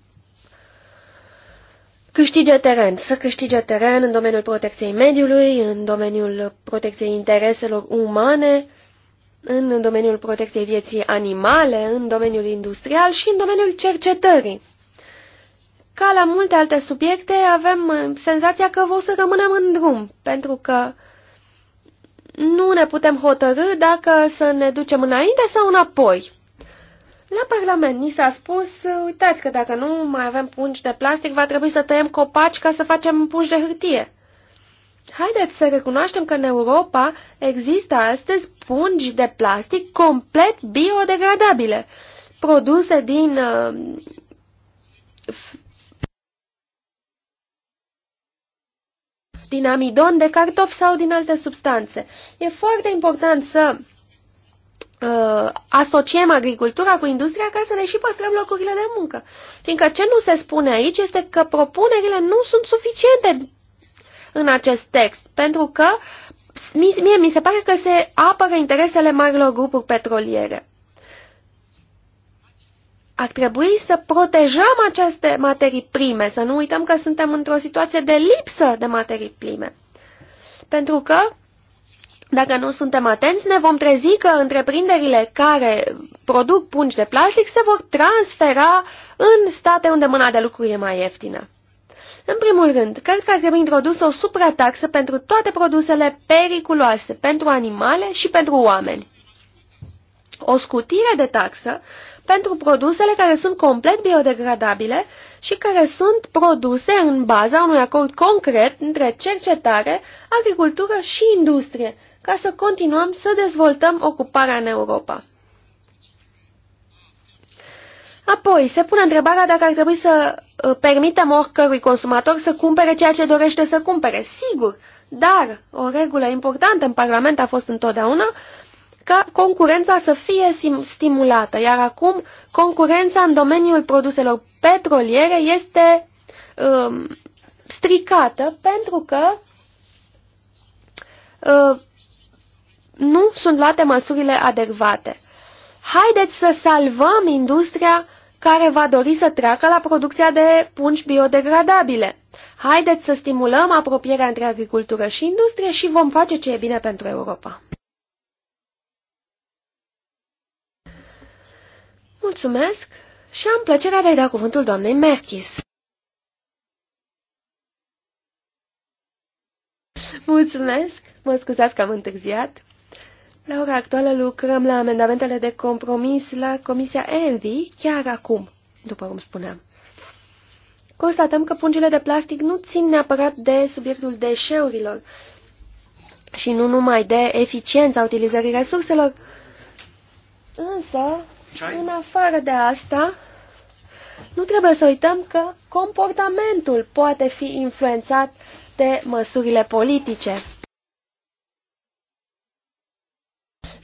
S2: câștige teren, să câștige teren în domeniul protecției mediului, în domeniul protecției intereselor umane, în domeniul protecției vieții animale, în domeniul industrial și în domeniul cercetării. Ca la multe alte subiecte, avem uh, senzația că o să rămânem în drum, pentru că nu ne putem hotărâ dacă să ne ducem înainte sau înapoi. La Parlament ni s-a spus, uh, uitați că dacă nu mai avem pungi de plastic, va trebui să tăiem copaci ca să facem pungi de hârtie. Haideți să recunoaștem că în Europa există astăzi pungi de plastic complet biodegradabile, produse din uh, din amidon de cartofi sau din alte substanțe. E foarte important să uh, asociem agricultura cu industria ca să ne și păstrăm locurile de muncă. Fiindcă ce nu se spune aici este că propunerile nu sunt suficiente în acest text, pentru că mie mi se pare că se apără interesele marilor grupuri petroliere. Ar trebui să protejăm aceste materii prime, să nu uităm că suntem într-o situație de lipsă de materii prime. Pentru că dacă nu suntem atenți, ne vom trezi că întreprinderile care produc pungi de plastic se vor transfera în state unde mâna de lucru e mai ieftină. În primul rând, cred că ar trebui introdusă o suprataxă pentru toate produsele periculoase pentru animale și pentru oameni. O scutire de taxă pentru produsele care sunt complet biodegradabile și care sunt produse în baza unui acord concret între cercetare, agricultură și industrie, ca să continuăm să dezvoltăm ocuparea în Europa. Apoi, se pune întrebarea dacă ar trebui să uh, permitem oricărui consumator să cumpere ceea ce dorește să cumpere. Sigur, dar o regulă importantă în Parlament a fost întotdeauna ca concurența să fie stimulată, iar acum concurența în domeniul produselor petroliere este um, stricată pentru că uh, nu sunt luate măsurile adecvate. Haideți să salvăm industria care va dori să treacă la producția de pungi biodegradabile. Haideți să stimulăm apropierea între agricultură și industrie și vom face ce e bine pentru Europa. Mulțumesc și am plăcerea de a-i da cuvântul doamnei Merchis. Mulțumesc! Mă scuzați că am întârziat. La ora actuală lucrăm la amendamentele de compromis la Comisia ENVI chiar acum, după cum spuneam. Constatăm că pungile de plastic nu țin neapărat de subiectul deșeurilor și nu numai de eficiența utilizării resurselor, însă, în afară de asta, nu trebuie să uităm că comportamentul poate fi influențat de măsurile politice.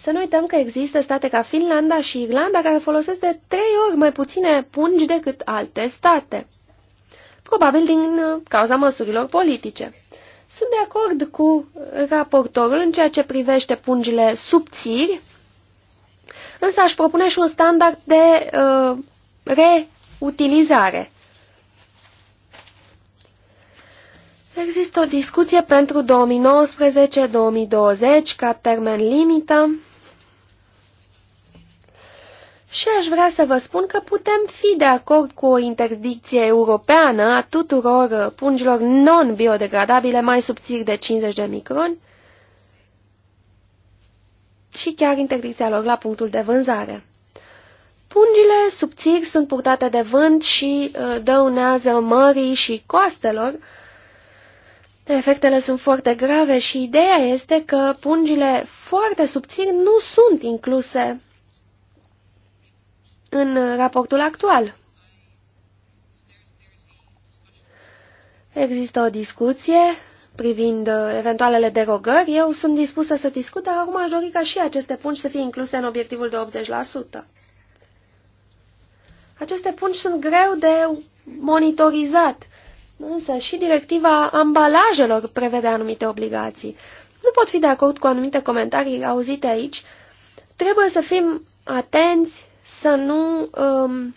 S2: Să nu uităm că există state ca Finlanda și Irlanda care folosesc de trei ori mai puține pungi decât alte state. Probabil din uh, cauza măsurilor politice. Sunt de acord cu raportorul în ceea ce privește pungile subțiri, însă aș propune și un standard de uh, reutilizare. Există o discuție pentru 2019-2020 ca termen limită și aș vrea să vă spun că putem fi de acord cu o interdicție europeană a tuturor pungilor non-biodegradabile mai subțiri de 50 de microni și chiar interdicția lor la punctul de vânzare. Pungile subțiri sunt purtate de vânt și uh, dăunează mării și coastelor, Efectele sunt foarte grave și ideea este că pungile foarte subțiri nu sunt incluse în raportul actual. Există o discuție privind eventualele derogări. Eu sunt dispusă să discut, dar acum aș dori ca și aceste pungi să fie incluse în obiectivul de 80%. Aceste pungi sunt greu de monitorizat Însă și directiva ambalajelor prevede anumite obligații. Nu pot fi de acord cu anumite comentarii auzite aici. Trebuie să fim atenți să nu um,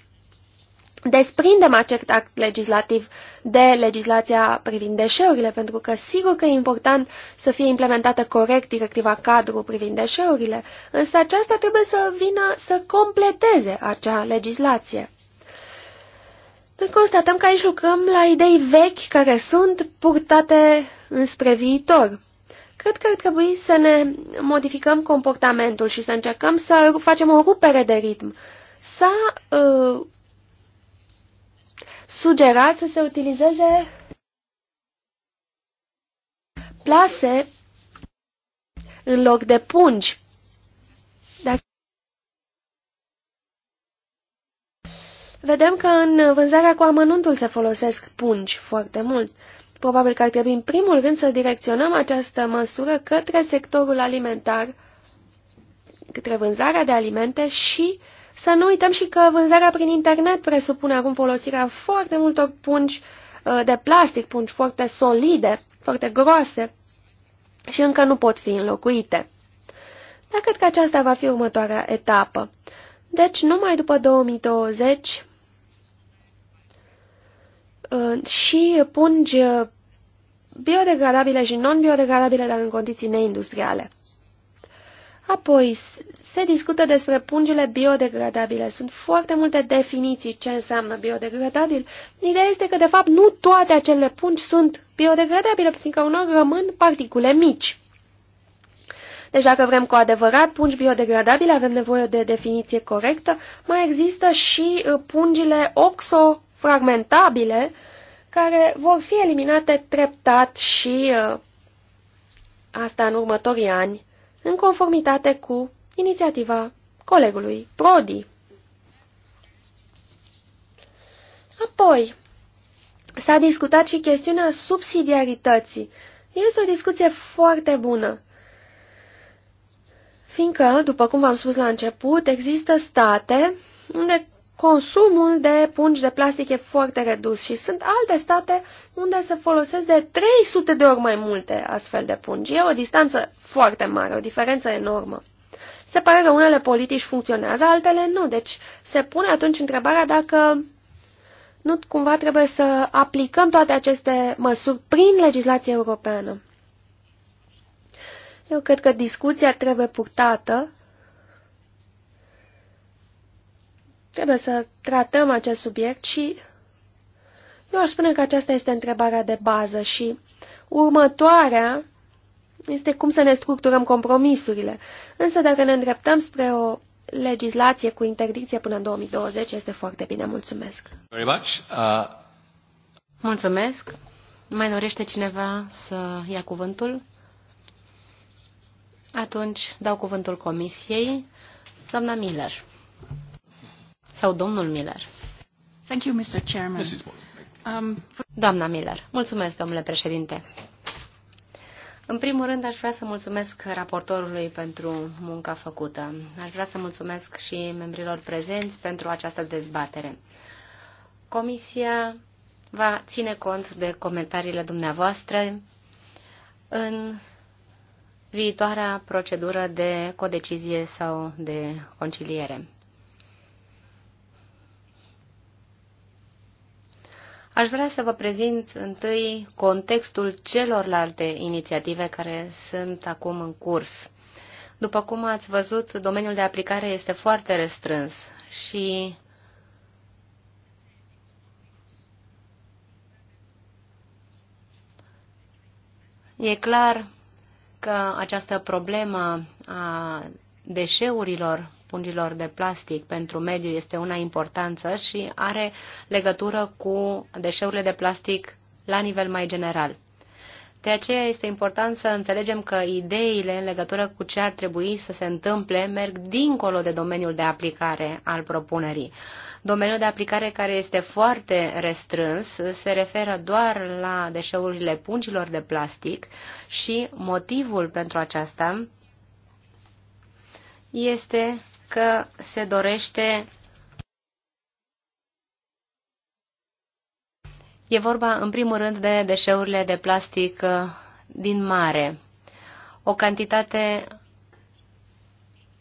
S2: desprindem acest act legislativ de legislația privind deșeurile, pentru că sigur că e important să fie implementată corect directiva cadru privind deșeurile, însă aceasta trebuie să vină să completeze acea legislație constatăm că aici lucrăm la idei vechi care sunt purtate înspre viitor. Cred că ar trebui să ne modificăm comportamentul și să încercăm să facem o rupere de ritm. S-a uh, sugerat să se utilizeze plase în loc de pungi Vedem că în vânzarea cu amănuntul se folosesc pungi foarte mult. Probabil că ar trebui în primul rând să direcționăm această măsură către sectorul alimentar, către vânzarea de alimente și să nu uităm și că vânzarea prin internet presupune acum folosirea foarte multor pungi uh, de plastic, pungi foarte solide, foarte groase și încă nu pot fi înlocuite. Dar cred că aceasta va fi următoarea etapă. Deci, numai după 2020 uh, și pungi biodegradabile și non-biodegradabile, dar în condiții neindustriale. Apoi, se discută despre pungile biodegradabile. Sunt foarte multe definiții ce înseamnă biodegradabil. Ideea este că, de fapt, nu toate acele pungi sunt biodegradabile, pentru că unor rămân particule mici. Deci dacă vrem cu adevărat pungi biodegradabile, avem nevoie de definiție corectă. Mai există și uh, pungile oxofragmentabile, care vor fi eliminate treptat și uh, asta în următorii ani, în conformitate cu inițiativa colegului Prodi. Apoi, s-a discutat și chestiunea subsidiarității. Este o discuție foarte bună. Fiindcă, după cum v-am spus la început, există state unde consumul de pungi de plastic e foarte redus și sunt alte state unde se folosesc de 300 de ori mai multe astfel de pungi. E o distanță foarte mare, o diferență enormă. Se pare că unele politici funcționează, altele nu, deci se pune atunci întrebarea dacă nu cumva trebuie să aplicăm toate aceste măsuri prin legislație europeană. Eu cred că discuția trebuie purtată. Trebuie să tratăm acest subiect și eu aș spune că aceasta este întrebarea de bază și următoarea este cum să ne structurăm compromisurile. Însă dacă ne îndreptăm spre o legislație cu interdicție până
S3: în 2020, este foarte bine. Mulțumesc!
S1: Very much. Uh...
S3: Mulțumesc! Mai dorește cineva să ia cuvântul? Atunci dau cuvântul comisiei, doamna Miller. Sau domnul Miller.
S1: Thank you, Mr. Chairman.
S3: Um, Doamna Miller, mulțumesc, domnule președinte. În primul rând, aș vrea să mulțumesc raportorului pentru munca făcută. Aș vrea să mulțumesc și membrilor prezenți pentru această dezbatere. Comisia va ține cont de comentariile dumneavoastră în viitoarea procedură de codecizie sau de conciliere. Aș vrea să vă prezint întâi contextul celorlalte inițiative care sunt acum în curs. După cum ați văzut, domeniul de aplicare este foarte restrâns și e clar că această problemă a deșeurilor pungilor de plastic pentru mediu este una importantă și are legătură cu deșeurile de plastic la nivel mai general. De aceea este important să înțelegem că ideile în legătură cu ce ar trebui să se întâmple merg dincolo de domeniul de aplicare al propunerii. Domeniul de aplicare care este foarte restrâns se referă doar la deșeurile pungilor de plastic și motivul pentru aceasta este că se dorește E vorba, în primul rând, de deșeurile de plastic uh, din mare. O cantitate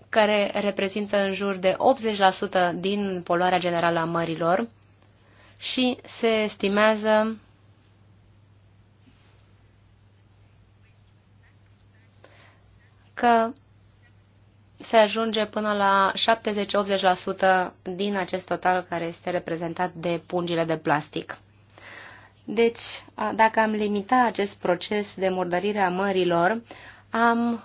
S3: care reprezintă în jur de 80% din poluarea generală a mărilor și se estimează că se ajunge până la 70-80% din acest total care este reprezentat de pungile de plastic. Deci, dacă am limita acest proces de murdărire a mărilor, am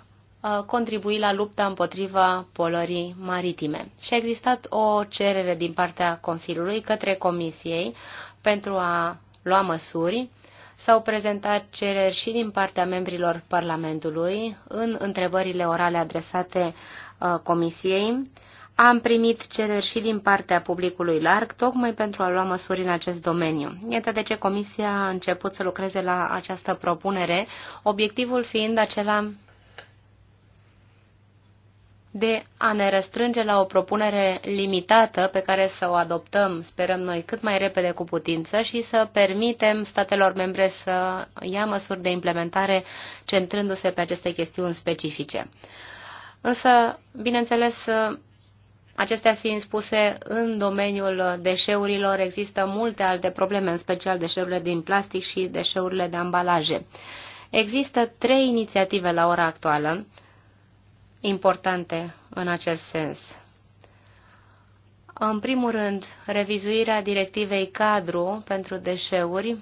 S3: contribui la lupta împotriva polării maritime. Și a existat o cerere din partea Consiliului către Comisiei pentru a lua măsuri. S-au prezentat cereri și din partea membrilor Parlamentului în întrebările orale adresate Comisiei am primit cereri și din partea publicului larg, tocmai pentru a lua măsuri în acest domeniu. Iată de ce Comisia a început să lucreze la această propunere, obiectivul fiind acela de a ne răstrânge la o propunere limitată pe care să o adoptăm, sperăm noi, cât mai repede cu putință și să permitem statelor membre să ia măsuri de implementare centrându-se pe aceste chestiuni specifice. Însă, bineînțeles, Acestea fiind spuse, în domeniul deșeurilor există multe alte probleme, în special deșeurile din plastic și deșeurile de ambalaje. Există trei inițiative la ora actuală importante în acest sens. În primul rând, revizuirea directivei cadru pentru deșeuri,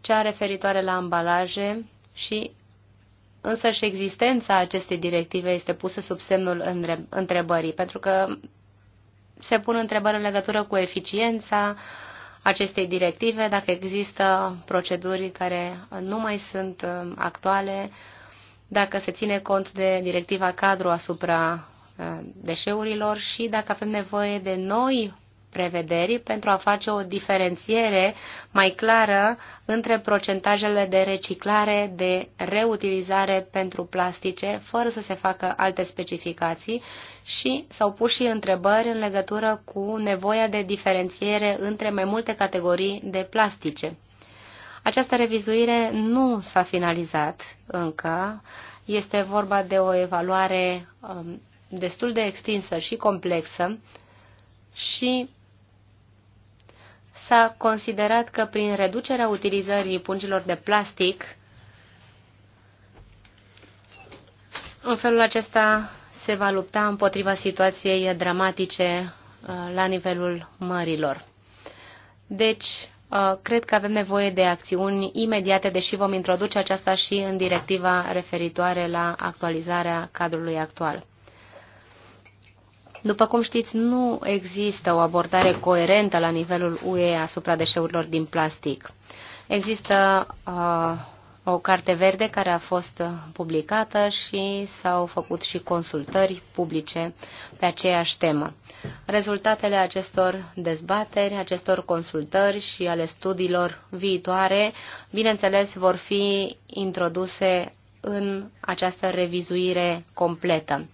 S3: cea referitoare la ambalaje și însă și existența acestei directive este pusă sub semnul întrebării, pentru că se pun întrebări în legătură cu eficiența acestei directive, dacă există proceduri care nu mai sunt um, actuale, dacă se ține cont de directiva cadru asupra uh, deșeurilor și dacă avem nevoie de noi prevederii pentru a face o diferențiere mai clară între procentajele de reciclare, de reutilizare pentru plastice, fără să se facă alte specificații și s-au pus și întrebări în legătură cu nevoia de diferențiere între mai multe categorii de plastice. Această revizuire nu s-a finalizat încă. Este vorba de o evaluare um, destul de extinsă și complexă și s-a considerat că prin reducerea utilizării pungilor de plastic, în felul acesta se va lupta împotriva situației dramatice uh, la nivelul mărilor. Deci, uh, cred că avem nevoie de acțiuni imediate, deși vom introduce aceasta și în directiva referitoare la actualizarea cadrului actual. După cum știți, nu există o abordare coerentă la nivelul UE asupra deșeurilor din plastic. Există uh, o carte verde care a fost publicată și s-au făcut și consultări publice pe aceeași temă. Rezultatele acestor dezbateri, acestor consultări și ale studiilor viitoare, bineînțeles, vor fi introduse în această revizuire completă.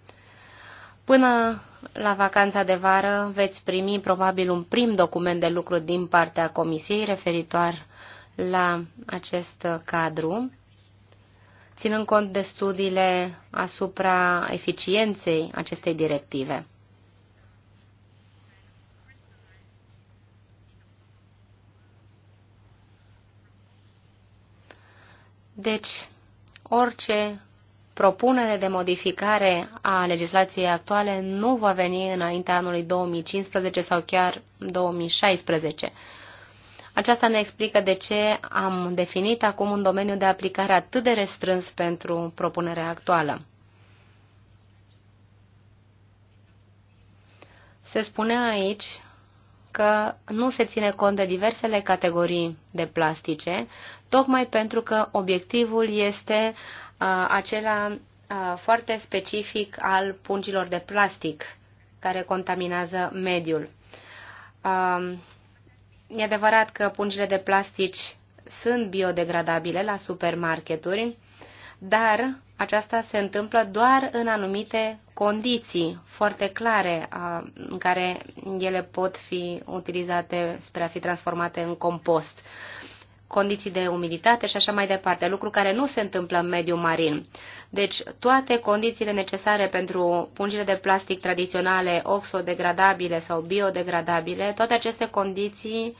S3: Până la vacanța de vară veți primi probabil un prim document de lucru din partea Comisiei referitor la acest cadru, ținând cont de studiile asupra eficienței acestei directive. Deci, orice propunere de modificare a legislației actuale nu va veni înaintea anului 2015 sau chiar 2016. Aceasta ne explică de ce am definit acum un domeniu de aplicare atât de restrâns pentru propunerea actuală. Se spune aici că nu se ține cont de diversele categorii de plastice, tocmai pentru că obiectivul este acela foarte specific al pungilor de plastic care contaminează mediul. e adevărat că pungile de plastici sunt biodegradabile la supermarketuri, dar aceasta se întâmplă doar în anumite condiții foarte clare în care ele pot fi utilizate spre a fi transformate în compost condiții de umiditate și așa mai departe, lucru care nu se întâmplă în mediul marin. Deci toate condițiile necesare pentru pungile de plastic tradiționale, oxodegradabile sau biodegradabile, toate aceste condiții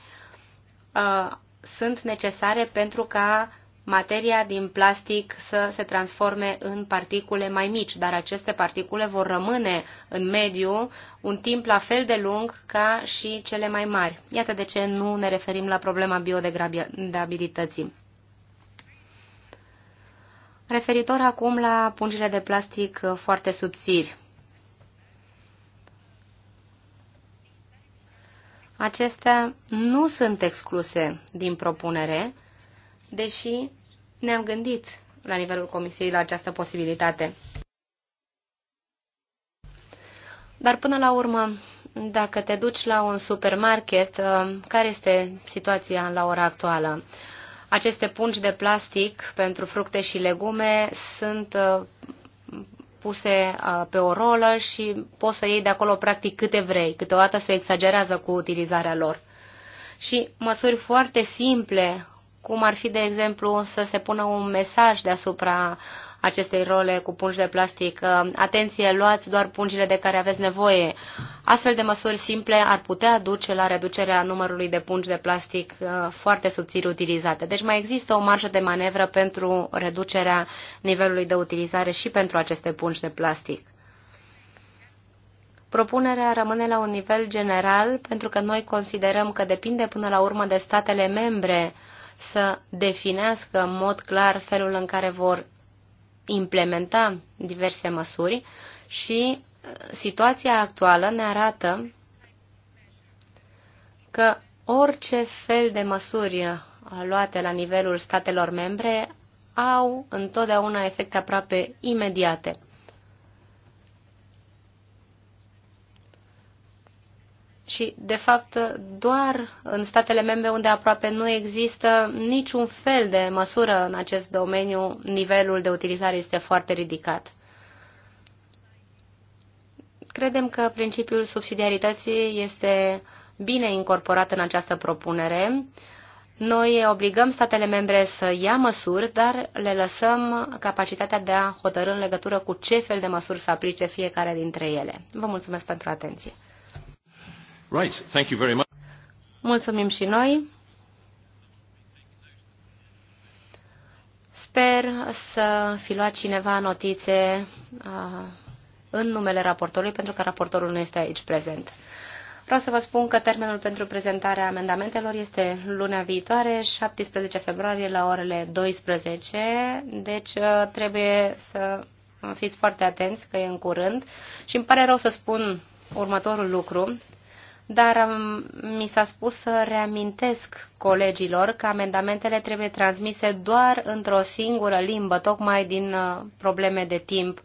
S3: a, sunt necesare pentru ca materia din plastic să se transforme în particule mai mici, dar aceste particule vor rămâne în mediu un timp la fel de lung ca și cele mai mari. Iată de ce nu ne referim la problema biodegradabilității. Referitor acum la pungile de plastic uh, foarte subțiri. Acestea nu sunt excluse din propunere, deși ne-am gândit la nivelul Comisiei la această posibilitate. Dar până la urmă, dacă te duci la un supermarket, uh, care este situația la ora actuală? Aceste pungi de plastic pentru fructe și legume sunt uh, puse uh, pe o rolă și poți să iei de acolo practic câte vrei. Câteodată se exagerează cu utilizarea lor. Și măsuri foarte simple cum ar fi, de exemplu, să se pună un mesaj deasupra acestei role cu pungi de plastic. Atenție, luați doar pungile de care aveți nevoie. Astfel de măsuri simple ar putea duce la reducerea numărului de pungi de plastic uh, foarte subțiri utilizate. Deci mai există o marjă de manevră pentru reducerea nivelului de utilizare și pentru aceste pungi de plastic. Propunerea rămâne la un nivel general pentru că noi considerăm că depinde până la urmă de statele membre să definească în mod clar felul în care vor implementa diverse măsuri și uh, situația actuală ne arată că orice fel de măsuri uh, luate la nivelul statelor membre au întotdeauna efecte aproape imediate. Și, de fapt, doar în statele membre unde aproape nu există niciun fel de măsură în acest domeniu, nivelul de utilizare este foarte ridicat. Credem că principiul subsidiarității este bine incorporat în această propunere. Noi obligăm statele membre să ia măsuri, dar le lăsăm capacitatea de a hotărâ în legătură cu ce fel de măsuri să aplice fiecare dintre ele. Vă mulțumesc pentru atenție.
S1: Right, thank you very much.
S3: Mulțumim și noi. Sper să fi luat cineva notițe uh, în numele raportorului, pentru că raportorul nu este aici prezent. Vreau să vă spun că termenul pentru prezentarea amendamentelor este luna viitoare, 17 februarie la orele 12, deci uh, trebuie să fiți foarte atenți că e în curând și îmi pare rău să spun următorul lucru dar um, mi s-a spus să reamintesc colegilor că amendamentele trebuie transmise doar într-o singură limbă, tocmai din uh, probleme de timp,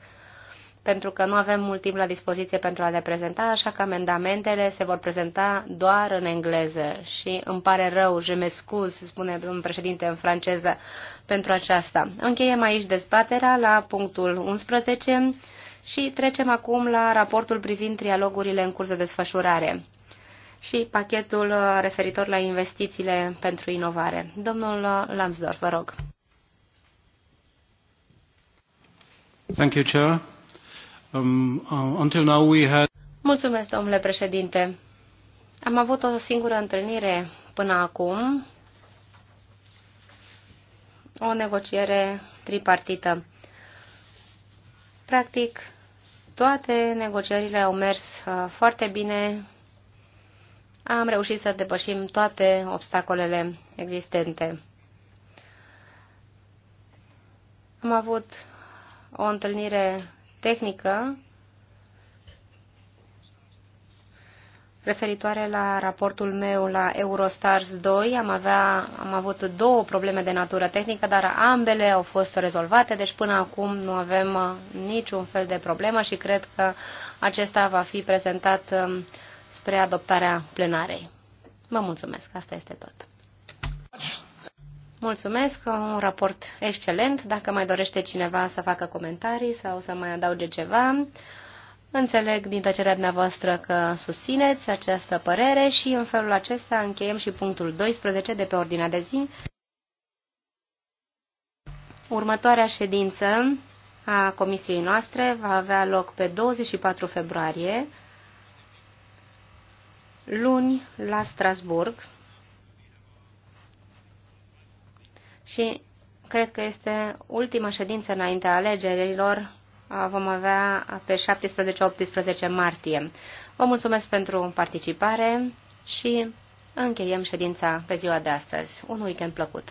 S3: pentru că nu avem mult timp la dispoziție pentru a le prezenta, așa că amendamentele se vor prezenta doar în engleză și îmi pare rău, je m'excuse, spune un președinte în franceză pentru aceasta. Încheiem aici dezbaterea la punctul 11 și trecem acum la raportul privind trialogurile în curs de desfășurare și pachetul uh, referitor la investițiile pentru inovare. Domnul uh, Lambsdorff, vă rog.
S1: Thank you, Chair. Um, uh, until now we had...
S3: Mulțumesc, domnule președinte. Am avut o singură întâlnire până acum, o negociere tripartită. Practic, toate negocierile au mers foarte bine am reușit să depășim toate obstacolele existente. Am avut o întâlnire tehnică referitoare la raportul meu la Eurostars 2. Am, avea, am avut două probleme de natură tehnică, dar ambele au fost rezolvate, deci până acum nu avem uh, niciun fel de problemă și cred că acesta va fi prezentat um, spre adoptarea plenarei. Vă mulțumesc, asta este tot. Mulțumesc, un raport excelent. Dacă mai dorește cineva să facă comentarii sau să mai adauge ceva, înțeleg din tăcerea dumneavoastră că susțineți această părere și în felul acesta încheiem și punctul 12 de pe ordinea de zi. Următoarea ședință a comisiei noastre va avea loc pe 24 februarie luni la Strasburg și cred că este ultima ședință înainte a alegerilor. Vom avea pe 17-18 martie. Vă mulțumesc pentru participare și încheiem ședința pe ziua de astăzi. Un weekend plăcut!